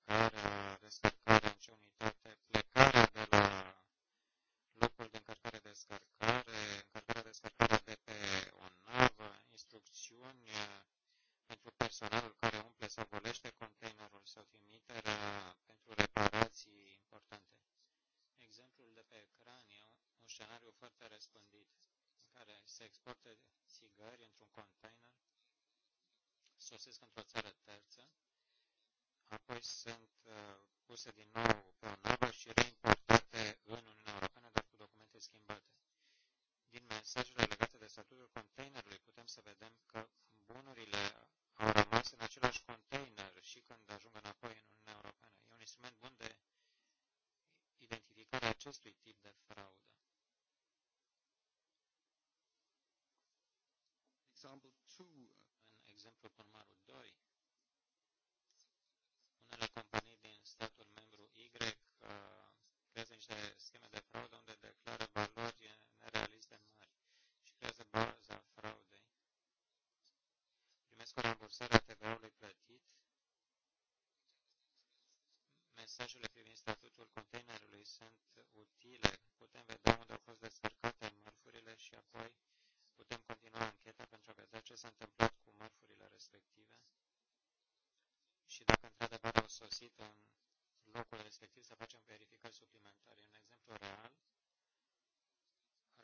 sunt uh, puse din nou găsit în locul respectiv să facem verificări suplimentare. Un exemplu real,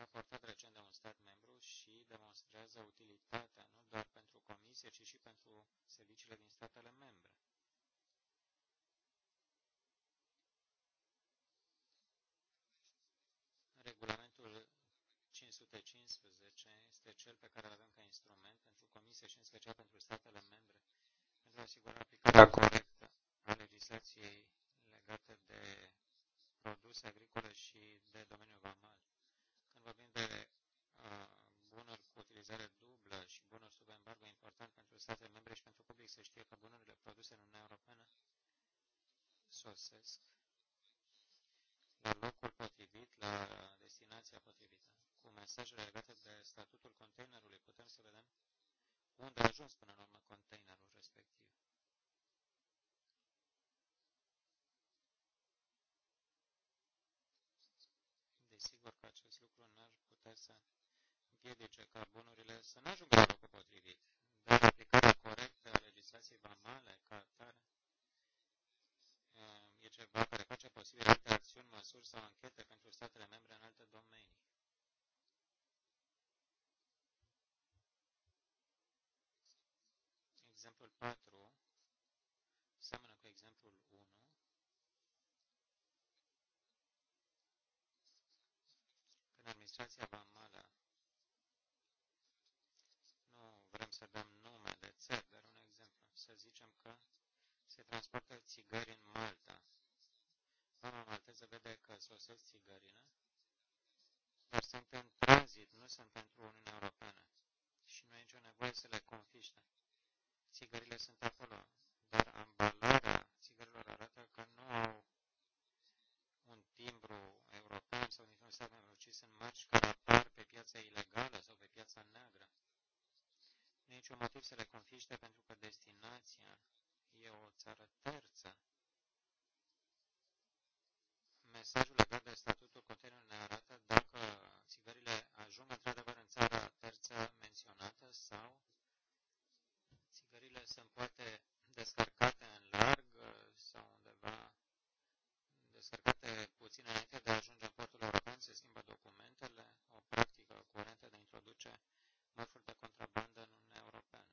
raportat recent de un stat membru și demonstrează utilitatea nu doar pentru comisie, ci și pentru serviciile din statele membre. Regulamentul 515 este cel pe care îl avem ca instrument pentru comisie și în special pentru statele membre pentru a asigura aplicarea corectă legislației legate de produse agricole și de domeniul vamal. Când vorbim de uh, bunuri cu utilizare dublă și bunuri sub embargo, e important pentru statele membre și pentru public să știe că bunurile produse în Uniunea Europeană sosesc la locul potrivit, la destinația potrivită. Cu mesajele legate de statutul containerului putem să vedem unde a ajuns până la urmă containerul respectiv. sigur că acest lucru n-ar putea să împiedice ca bunurile să nu ajungă la locul potrivit. Dar aplicarea corectă a legislației vamale ca atare eh, e ceva care face posibil alte acțiuni, măsuri sau anchete pentru statele membre în alte domenii. Exemplul 4 seamănă cu exemplul 1 administrația vamală, nu vrem să dăm nume de țări, dar un exemplu, să zicem că se transportă țigări în Malta. Vama malteză vede că sosesc țigările, dar sunt în tranzit, nu sunt pentru Uniunea Europeană și nu e nicio nevoie să le confiște. Țigările sunt acolo, dar ambalarea țigărilor arată că nu au un timbru Uniunii sau dintr-un stat membru, ci sunt mărci care apar pe piața ilegală sau pe piața neagră. Nu e niciun motiv să le confiște pentru că destinația e o țară terță. Mesajul legat de statutul conținut ne arată dacă țigările ajung într-adevăr în țara terță menționată sau țigările sunt poate descărcate în larg sau undeva descărcate puțin înainte de a ajunge în portul european, se schimbă documentele, o practică curentă de a introduce mărfuri de contrabandă în Uniunea Europeană.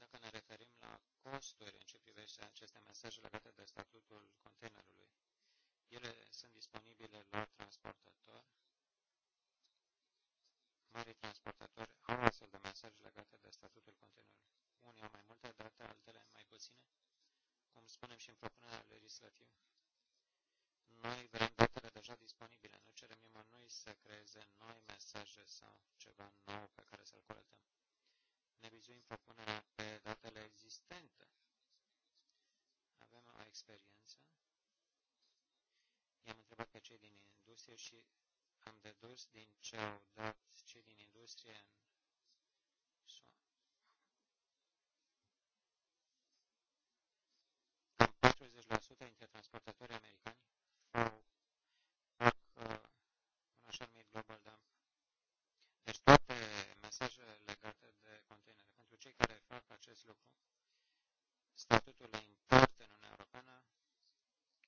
Dacă ne referim la costuri în ce privește aceste mesaje legate de statutul containerului, ele sunt disponibile la transportator, marii transportatori au astfel de mesaje legate de statutul containerului. Unii au mai multe date, altele mai puține, cum spunem și în propunerea legislativă. Noi vrem datele deja disponibile, nu cerem nimănui să creeze noi mesaje sau ceva nou pe care să-l colectăm. Ne vizuim propunerea pe datele existente. Avem o experiență. I-am întrebat pe cei din industrie și am dedus din ce au dat cei din industrie în Cam 40% dintre transportatorii americani au, fac uh, un așa numit global dump. Deci toate mesajele legate de containere. Pentru cei care fac acest lucru, statutul de import în Uniunea Europeană,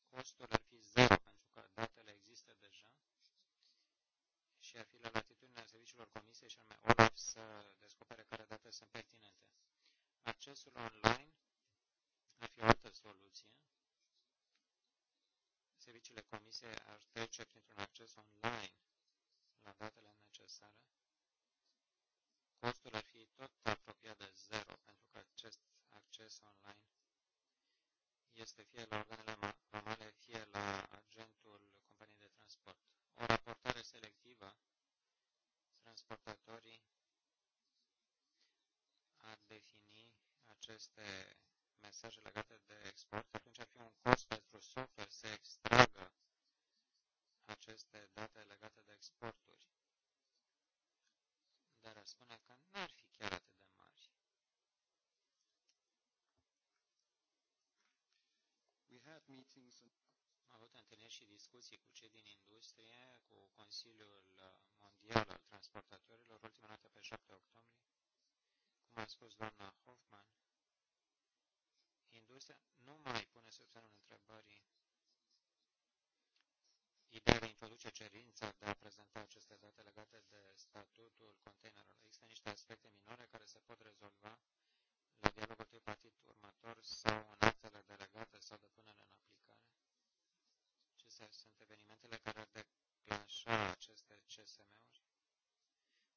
costul ar fi zero, pentru că datele există deja și ar fi la latitudinea serviciilor comisiei și anume OLAF să descopere care date sunt pertinente. Accesul online ar fi o altă soluție. Serviciile comise ar trece printr-un acces online la datele necesare. Costul ar fi tot apropiat de zero, pentru că acest acces online este fie la organele vamale, fie la agentul companiei de transport o raportare selectivă, transportatorii ar defini aceste mesaje legate de export, atunci ar fi un cost pentru software să extragă aceste date legate de exporturi. Dar ar spune că nu ar fi chiar atât de mari. We had meetings and întâlniri și discuții cu cei din industrie, cu Consiliul Mondial al Transportatorilor, ultima dată pe 7 octombrie, cum a spus doamna Hoffman, industria nu mai pune sub semnul întrebării ideea de a introduce cerința de a prezenta aceste date legate de statutul containerului Există niște aspecte minore care se pot rezolva la dialogul tripartit următor sau în actele delegate sau de sunt evenimentele care ar declanșa aceste CSM-uri?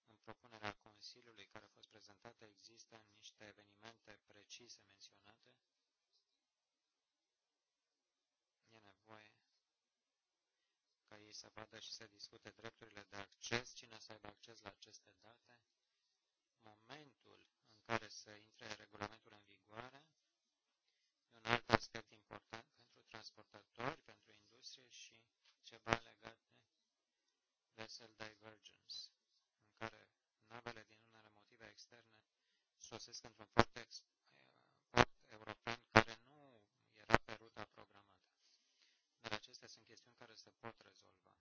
În propunerea Consiliului care a fost prezentată există niște evenimente precise menționate? E nevoie ca ei să vadă și să discute drepturile de acces, cine să aibă acces la aceste date, momentul în care să intre regulamentul în vigoare, e un alt aspect important ceva legat de Vessel Divergence, în care navele din unele motive externe sosesc într-un port, ex, port european care nu era pe ruta programată. Dar acestea sunt chestiuni care se pot rezolva.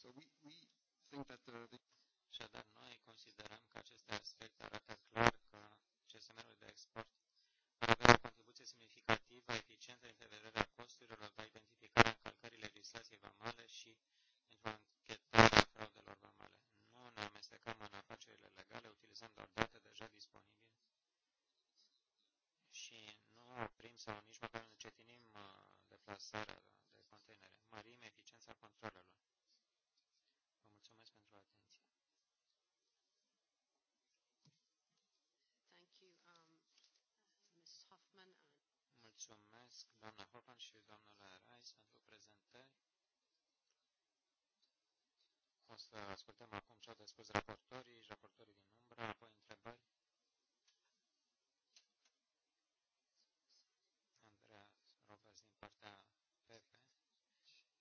So we, we think that the, uh, the... Așadar, noi considerăm că aceste aspecte arată clar că CSM-ul de export ar avea contribuție semnificativă, eficientă din prevederea costurilor la identificarea încălcării legislației vamale și pentru anchetarea fraudelor vamale. Nu ne amestecăm în afacerile legale, utilizând doar date deja disponibile și nu oprim sau nici măcar nu încetinim uh, deplasarea de containere. Mărim eficiența controlelor. Mulțumesc, doamna Horpan și domnule Reis, pentru prezentări. O să ascultăm acum ce au de spus raportorii și raportorii din umbră, apoi întrebări. Andreea Roberts din partea Pepe.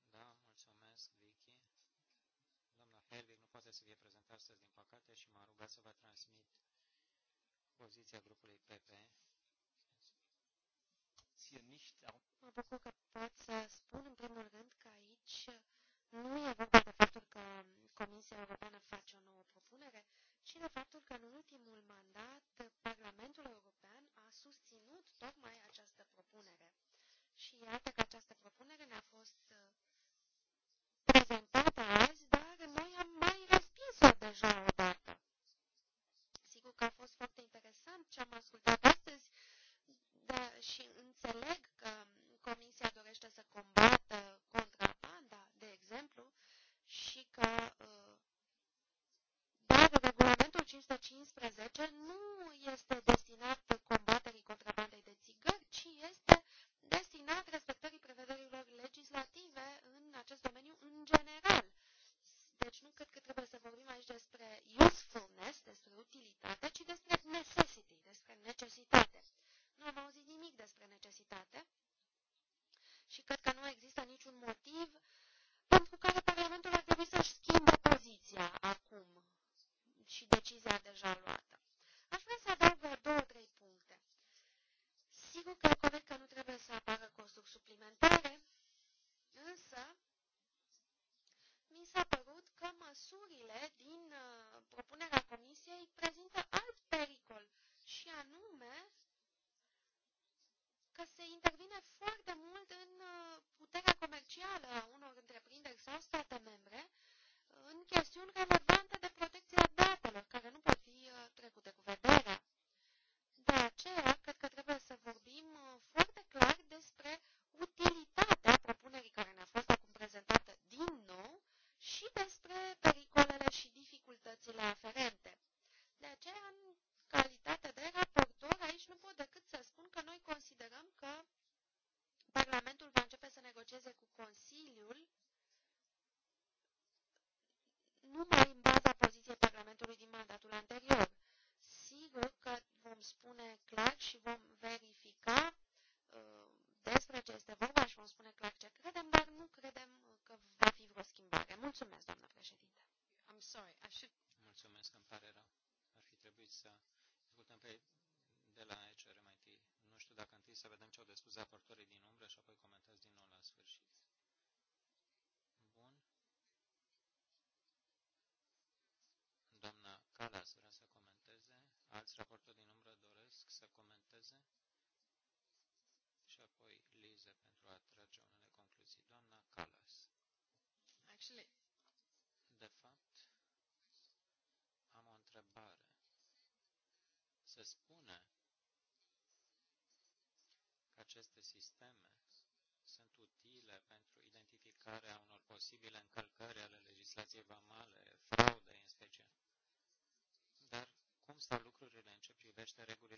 Da, mulțumesc, Vicky. Doamna Helvig nu poate să fie prezentă astăzi, din păcate, și m-a rugat să vă transmit poziția grupului PP Mă bucur că pot să spun în primul rând că aici nu e vorba de faptul că Comisia Europeană face o nouă propunere, ci de faptul că în ultimul mandat Parlamentul European a susținut tocmai această propunere. Și iată că această propunere ne-a fost uh, prezentată azi, dar noi am mai respins-o deja o dată. Sigur că a fost foarte interesant ce am ascultat și înțeleg că Comisia dorește să combată contrabanda, de exemplu, și că uh, dar regulamentul 515 nu este destinat sisteme sunt utile pentru identificarea unor posibile încălcări ale legislației vamale, fraude în special. Dar cum stau lucrurile în ce privește regulile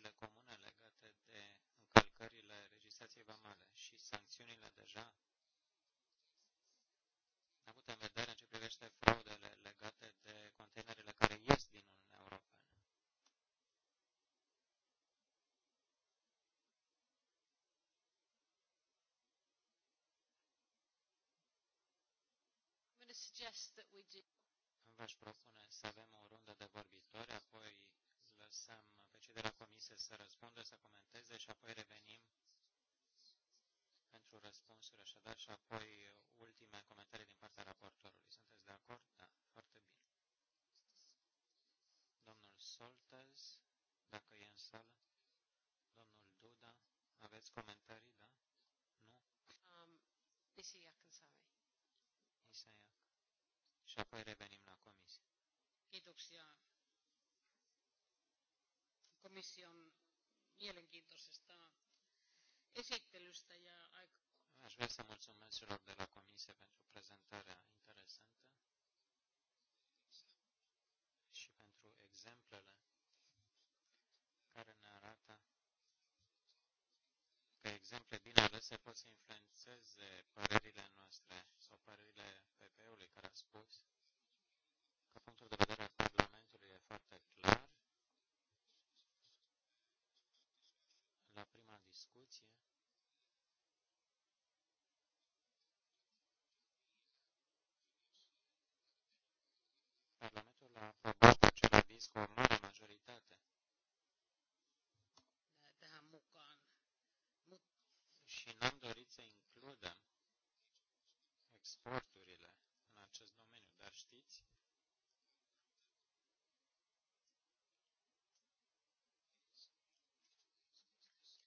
V-aș propune să avem o rundă de vorbitori, apoi lăsăm pe cei de la comisie să răspundă, să comenteze și apoi revenim pentru răspunsuri, așadar, și apoi ultime comentarii din partea raportorului. Sunteți de acord? Da, foarte bine. Domnul Soltez, dacă e în sală, domnul Duda, aveți comentarii, da? Nu? Um, Isaia Cânsave. Isaia și apoi revenim la comisie. Kiitoksia komission mielenkiintoisesta esittelystä ja aika... Aș vrea să mulțumesc celor de la comisie pentru prezentarea interesantă. exemple bine alese pot să influențeze părerile noastre sau părerile PP-ului care a spus că punctul de vedere al Parlamentului e foarte clar la prima discuție. Parlamentul a aprobat acel aviz cu o mare majoritate. și n-am dorit să includem exporturile în acest domeniu, dar știți,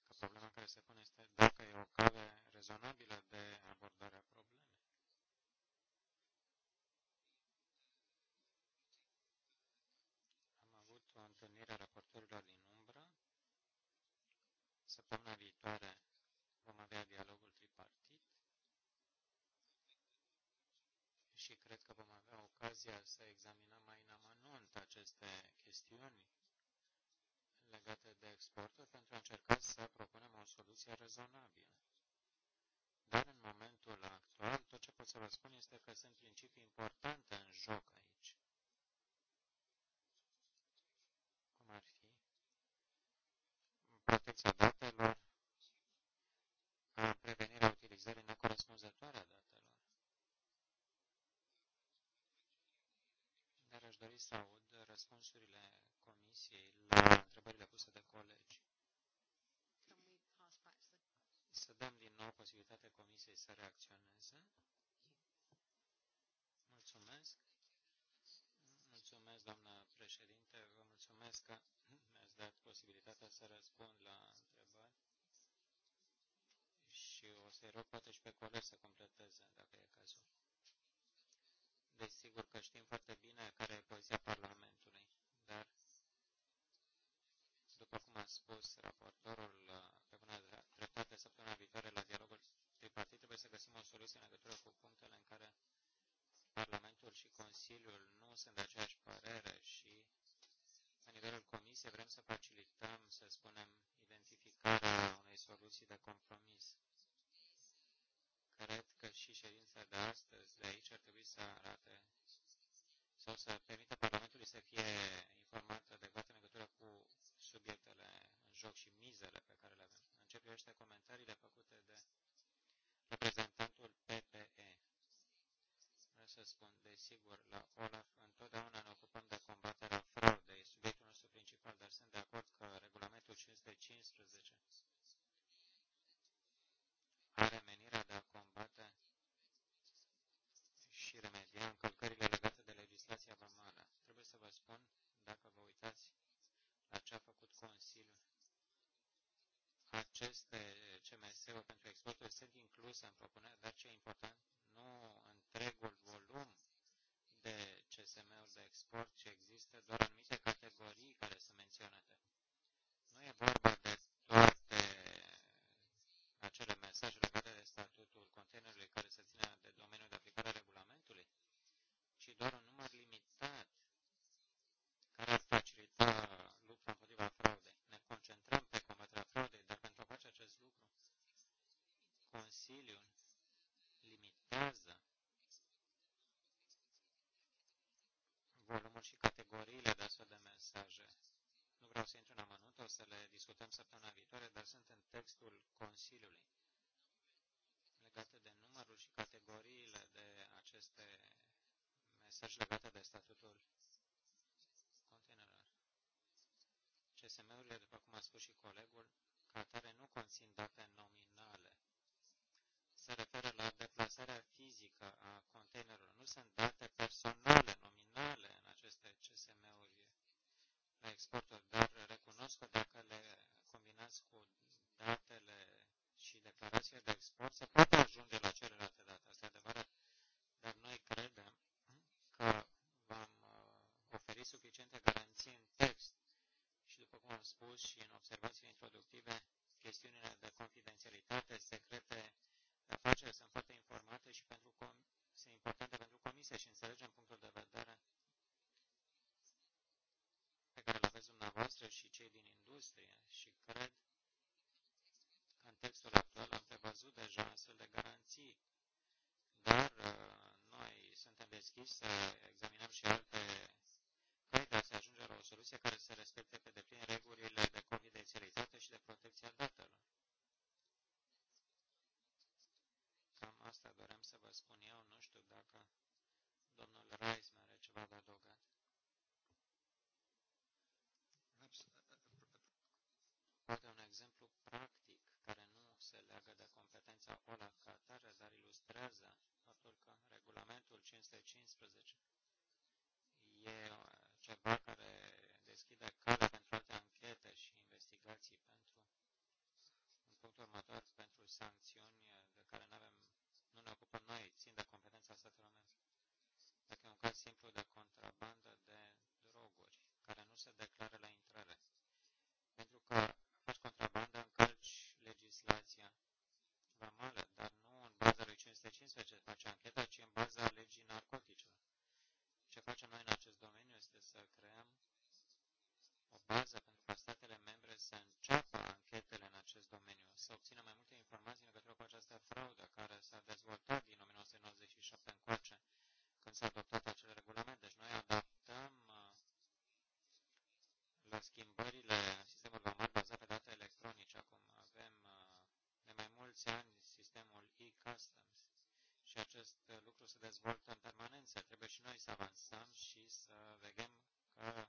că problema care se pune este dacă e o cale rezonabilă de abordare a problemei. Am avut o întâlnire a raportorilor din umbră săptămâna viitoare vom avea dialogul tripartit și cred că vom avea ocazia să examinăm mai în amănunt aceste chestiuni legate de exporturi pentru a încerca să propunem o soluție rezonabilă. Dar în momentul actual, tot ce pot să vă spun este că sunt principii importante în joc aici. Cum ar fi protecția Comisiei la întrebările puse de colegi. Să dăm din nou posibilitatea Comisiei să reacționeze. Mulțumesc. Mulțumesc, doamnă președinte. Vă mulțumesc că mi-ați dat posibilitatea să răspund la întrebări. Și o să-i rog poate și pe colegi să completeze, dacă e cazul. Desigur că știm foarte bine care e poziția Parlamentului, dar după cum a spus raportorul pe bună dreptate săptămâna viitoare la dialogul tripartit, trebuie să găsim o soluție în legătură cu punctele în care Parlamentul și Consiliul nu sunt de aceeași părere și la nivelul Comisiei vrem să facilităm, să spunem, identificarea unei soluții de compromis. Cred că și ședința de astăzi de aici ar trebui să arate sau să permită Parlamentului să fie informat adecvat în legătură cu subiectele în joc și mizele pe care le avem. În ce privește comentariile făcute de reprezentantul PPE, vreau să spun, desigur, la OLAF întotdeauna ne ocupăm de combaterea fraudei, subiectul nostru principal, dar sunt de acord că regulamentul 515 are menirea de a combate și remedia încălcările legate de legislația vamală. Trebuie să vă spun Consiliului. Aceste CMS-uri pentru exporturi sunt incluse în propunere, dar ce e important, nu întregul volum de CSM-uri de export, ci există doar anumite categorii care sunt menționate. Nu e vorba de toate acele mesaje legate de statutul containerului vreau să intru în amănunt, o să le discutăm săptămâna viitoare, dar sunt în textul Consiliului legate de numărul și categoriile de aceste mesaje legate de statutul containerelor. CSM-urile, după cum a spus și colegul, ca atare nu conțin date nominale. Se referă la deplasarea fizică a containerului, Nu sunt date personale, nu scurtul, dar recunosc că dacă le combinați cu datele și declarațiile de export, se poate ajunge la celelalte date, asta e adevărat. Dar noi credem că v-am uh, oferit suficiente garanții în text și, după cum am spus și în observațiile introductive, chestiunile de confidențialitate, secrete de afaceri sunt foarte informate și pentru com- sunt importante pentru comisie și înțelegem punctul dumneavoastră și cei din industrie și cred că în textul actual am prevăzut deja astfel de garanții, dar uh, noi suntem deschiși să examinăm și alte căi de a se ajunge la o soluție care să respecte pe deplin regulile de confidențialitate și de protecție a datelor. Cam asta doream să vă spun eu, nu știu dacă domnul Reis mai are ceva de adăugat. exemplu practic, care nu se leagă de competența OLAF ca atare, dar ilustrează faptul că regulamentul 515 e uh, ceva care deschide calea pentru alte anchete și investigații pentru, în punctul următor, pentru sancțiuni uh, de care nu avem, nu ne ocupăm noi, țin de competența statelor membre. Dacă e un caz simplu de contrabandă de droguri, care nu se declară la 2015 se face ancheta, ci în baza legii narcotice. Ce facem noi în acest domeniu este să creăm o bază pentru ca statele membre să înceapă anchetele în acest domeniu, să obțină mai multe informații în legătură cu această fraudă care s-a dezvoltat din 1997 încoace, când s-a adoptat acel regulament. Deci noi adaptăm uh, la schimbările se dezvoltă în permanență. Trebuie și noi să avansăm și să vedem că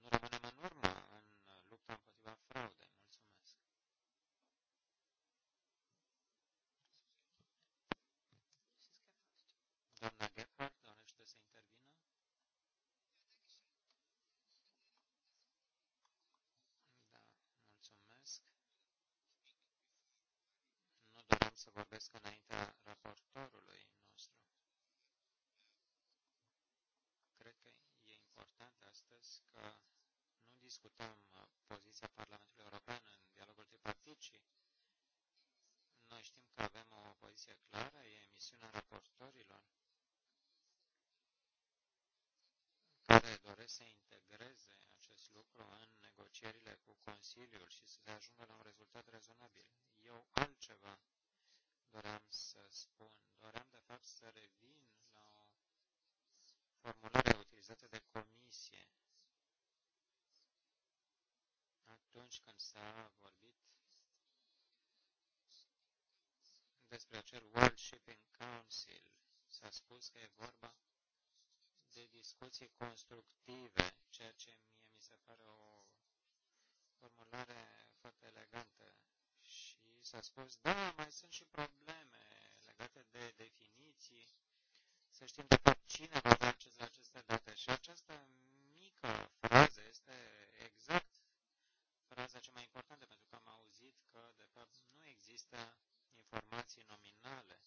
nu rămânem în urmă în lupta împotriva fraudei. Mulțumesc! Doamna Gephardt dorește să intervină? Da, mulțumesc. Nu doream să vorbesc înaintea raportorului nostru. astăzi că nu discutăm uh, poziția Parlamentului European în dialogul tripartit, ci noi știm că avem o poziție clară, e misiunea raportorilor care doresc să integreze acest lucru în negocierile cu Consiliul și să se ajungă la un rezultat rezonabil. Eu altceva doream să spun. Doream, de fapt, să revin la o formulare utilizată de comisie atunci când s-a vorbit despre acel World Shipping Council, s-a spus că e vorba de discuții constructive, ceea ce mie mi se pare o formulare foarte elegantă. Și s-a spus, da, mai sunt și probleme legate de definiții, să știm de fapt cine va avea acces la aceste date. Și această mică frază este exact fraza cea mai importantă, pentru că am auzit că, de fapt, nu există informații nominale,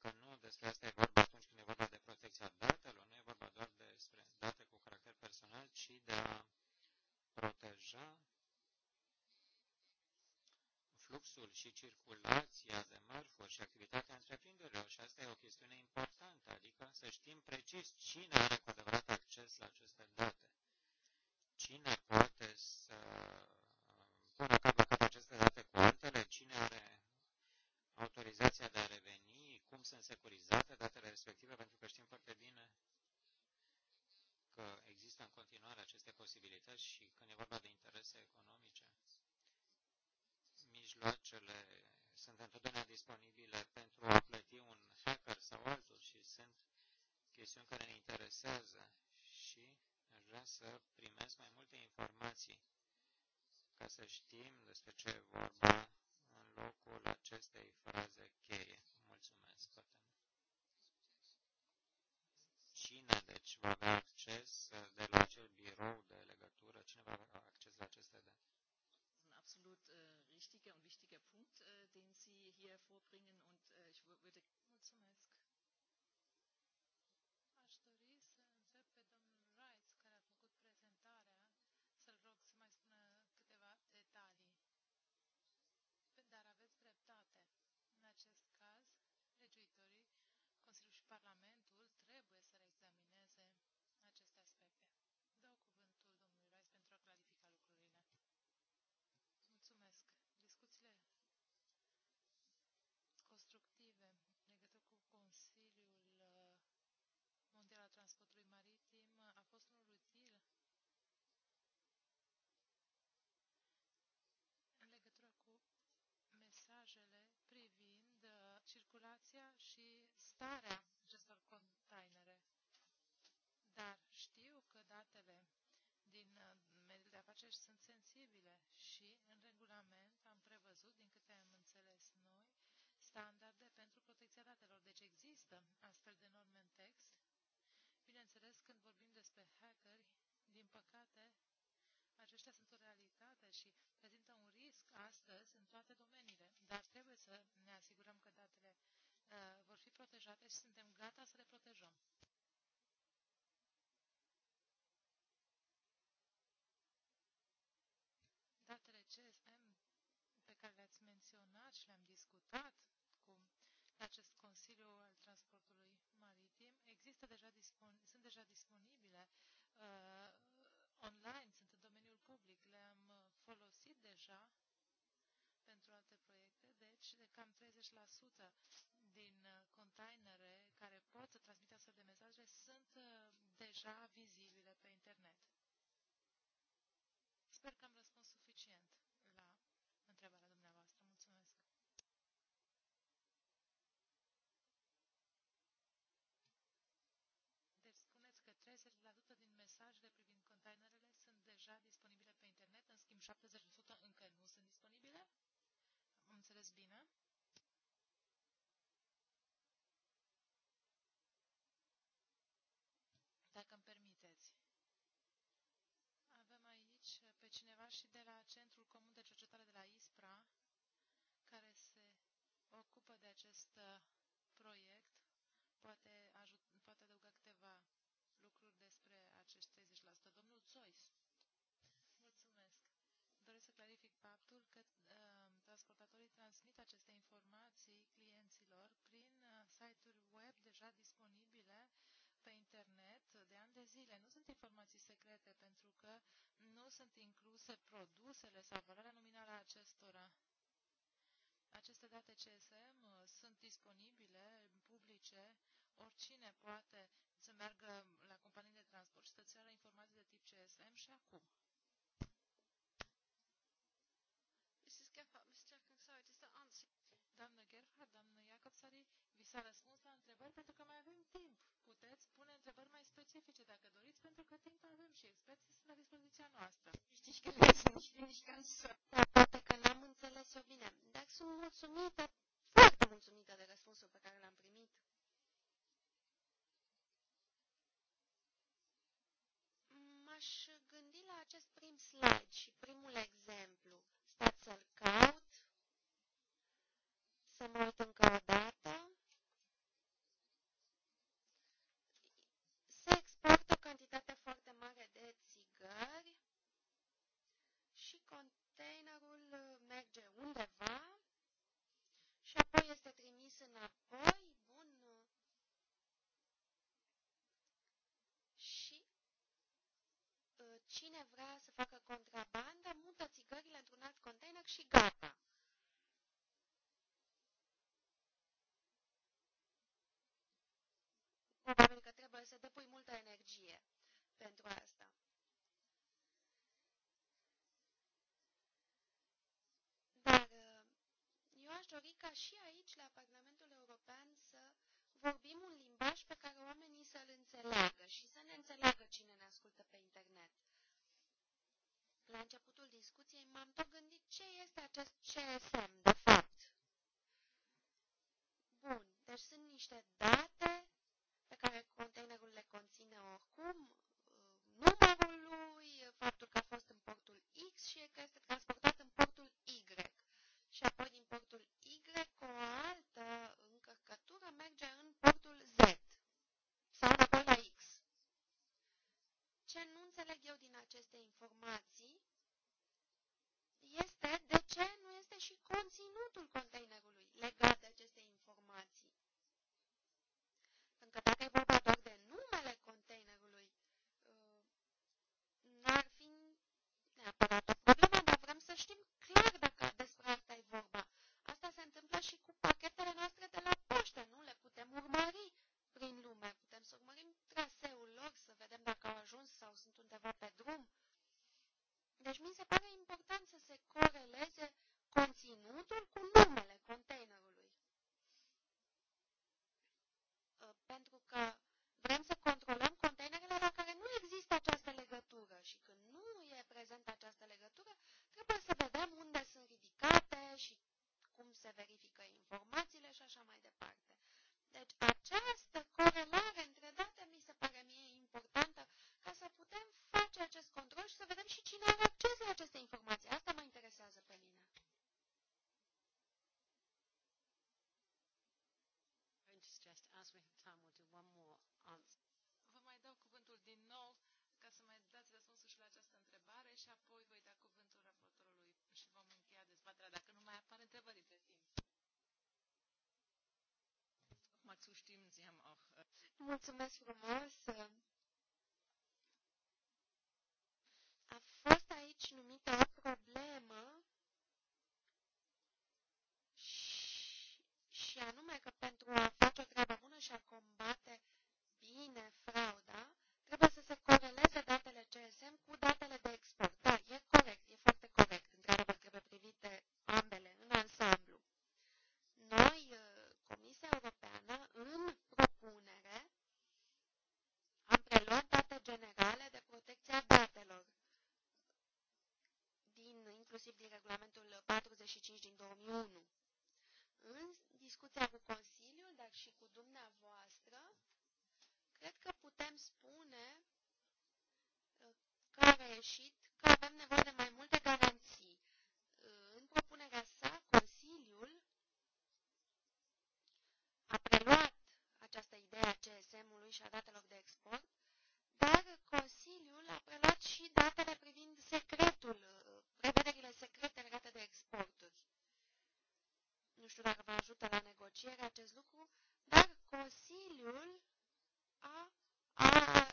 că nu despre asta e vorba atunci când e vorba de protecția datelor, nu e vorba doar despre date cu caracter personal, ci de a proteja fluxul și circulația de mărfuri și activitatea întreprinderilor. Și asta e o chestiune importantă, adică să știm precis cine are cu adevărat acces la aceste date cine poate să uh, pună capăt aceste date cu altele, cine are autorizația de a reveni, cum sunt securizate datele respective, pentru că știm foarte bine că există în continuare aceste posibilități și când e vorba de interese economice, mijloacele sunt întotdeauna disponibile pentru a plăti un hacker sau altul și sunt chestiuni care ne interesează și vrea să primesc mai multe informații ca să știm despre ce e vorba în locul acestei fraze cheie. Mulțumesc că mult. Cine, deci, va avea acces de la acel birou de legătură? Cine va avea acces la aceste date? Absolut uh, richtige depozitarea acestor containere. Dar știu că datele din uh, mediul de afaceri sunt sensibile și în regulament am prevăzut, din câte am înțeles noi, standarde pentru protecția datelor. Deci există astfel de norme în text. Bineînțeles, când vorbim despre hackeri, din păcate, aceștia sunt o realitate și prezintă un risc astăzi în toate domeniile, dar trebuie să ne asigurăm că datele Uh, vor fi protejate și suntem gata să le protejăm. Datele CSM pe care le-ați menționat și le-am discutat cu acest Consiliu al Transportului Maritim există deja sunt deja disponibile uh, online, sunt în domeniul public, le-am uh, folosit deja pentru alte proiecte, deci de cam 30% din uh, containere care pot să transmită astfel de mesaje sunt uh, deja vizibile pe internet. Sper că am răspuns suficient la întrebarea dumneavoastră. Mulțumesc! Deci spuneți că 30% din mesajele privind containerele sunt deja disponibile pe internet, în schimb 70% încă nu sunt disponibile? Am înțeles bine? Ispra și de la Centrul Comun de Cercetare de la Ispra, care se ocupă de acest uh, proiect, poate, ajut, poate adăuga câteva lucruri despre acești 30%. Domnul Zois, mulțumesc. Doresc să clarific faptul că uh, transportatorii transmit aceste informații clienților prin uh, site-uri web deja disponibile zile. Nu sunt informații secrete pentru că nu sunt incluse produsele sau valoarea nominală a acestora. Aceste date CSM uh, sunt disponibile, publice, oricine poate să meargă la companii de transport și să ceară informații de tip CSM și acum. Doamnă Gerhard, doamnă Iacobsari, vi s-a răspuns la întrebări pentru că mai avem timp întrebări mai specifice, dacă doriți, pentru că timp avem și experții sunt la dispoziția noastră. Știți că nu sunt nici Da, poate că n-am înțeles-o bine, dar sunt mulțumită, foarte mulțumită de răspunsul pe care l-am primit. M-aș gândi la acest prim slide și primul exemplu. Stați să-l caut, să mă uit încă o dată. trimis înapoi, bun. Și uh, cine vrea să facă contrabanda mută țigările într-un alt container și gata. dori ca și aici, la Parlamentul European, să vorbim un limbaj pe care oamenii să-l înțeleagă și să ne înțeleagă cine ne ascultă pe internet. La începutul discuției m-am tot gândit ce este acest CSM, de fapt. Bun, deci sunt niște date pe care containerul le conține oricum, uh, numărul lui, faptul că a fost în portul X și că este transportat portul Y, cu o altă încărcătură merge în portul Z sau înapoi la X. Ce nu înțeleg eu din aceste informații este de ce nu este și conținutul containerului legat Mulțumesc frumos! depășit că avem nevoie de mai multe garanții. În propunerea sa, Consiliul a preluat această idee a CSM-ului și a datelor de export, dar Consiliul a preluat și datele privind secretul, prevederile secrete legate de exporturi. Nu știu dacă vă ajută la negociere acest lucru, dar Consiliul a, a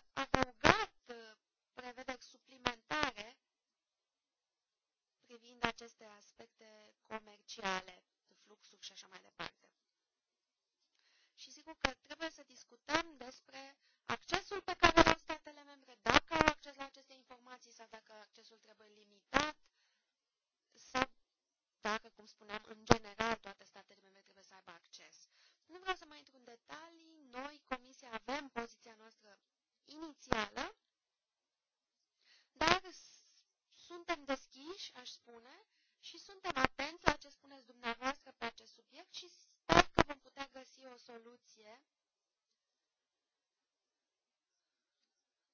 suplimentare privind aceste aspecte comerciale, fluxuri și așa mai departe. Și sigur că trebuie să discutăm despre accesul pe care au statele membre, dacă au acces la aceste informații sau dacă accesul trebuie limitat sau dacă, cum spuneam, în general toate statele membre trebuie să aibă acces. Nu vreau să mai intru în detalii, noi, Comisia, avem poziția noastră inițială dar suntem deschiși, aș spune, și suntem atenți la ce spuneți dumneavoastră pe acest subiect și sper că vom putea găsi o soluție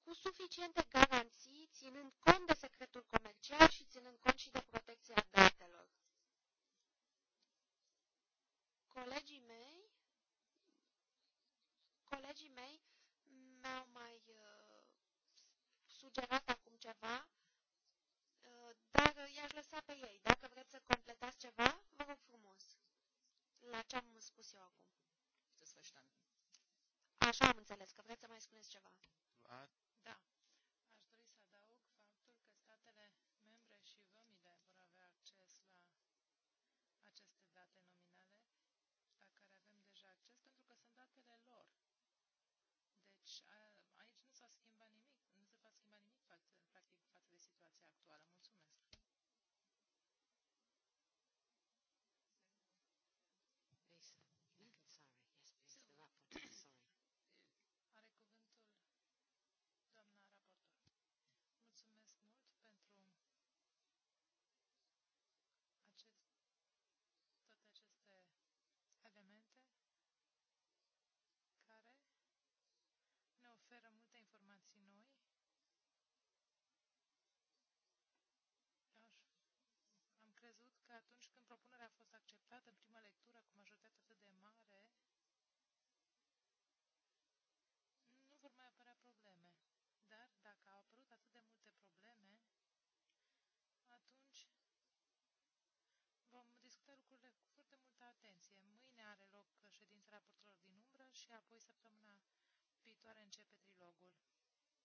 cu suficiente garanții, ținând cont de secretul comercial și ținând cont și de protecția datelor. Colegii mei, colegii mei mi-au mai sugerat acum ceva, uh, dar i-aș lăsa pe ei. Dacă vreți să completați ceva, vă rog frumos. La ce am spus eu acum. Așa am înțeles, că vreți să mai spuneți ceva. Da. loc ședința raportorilor din umbră și apoi săptămâna viitoare începe trilogul.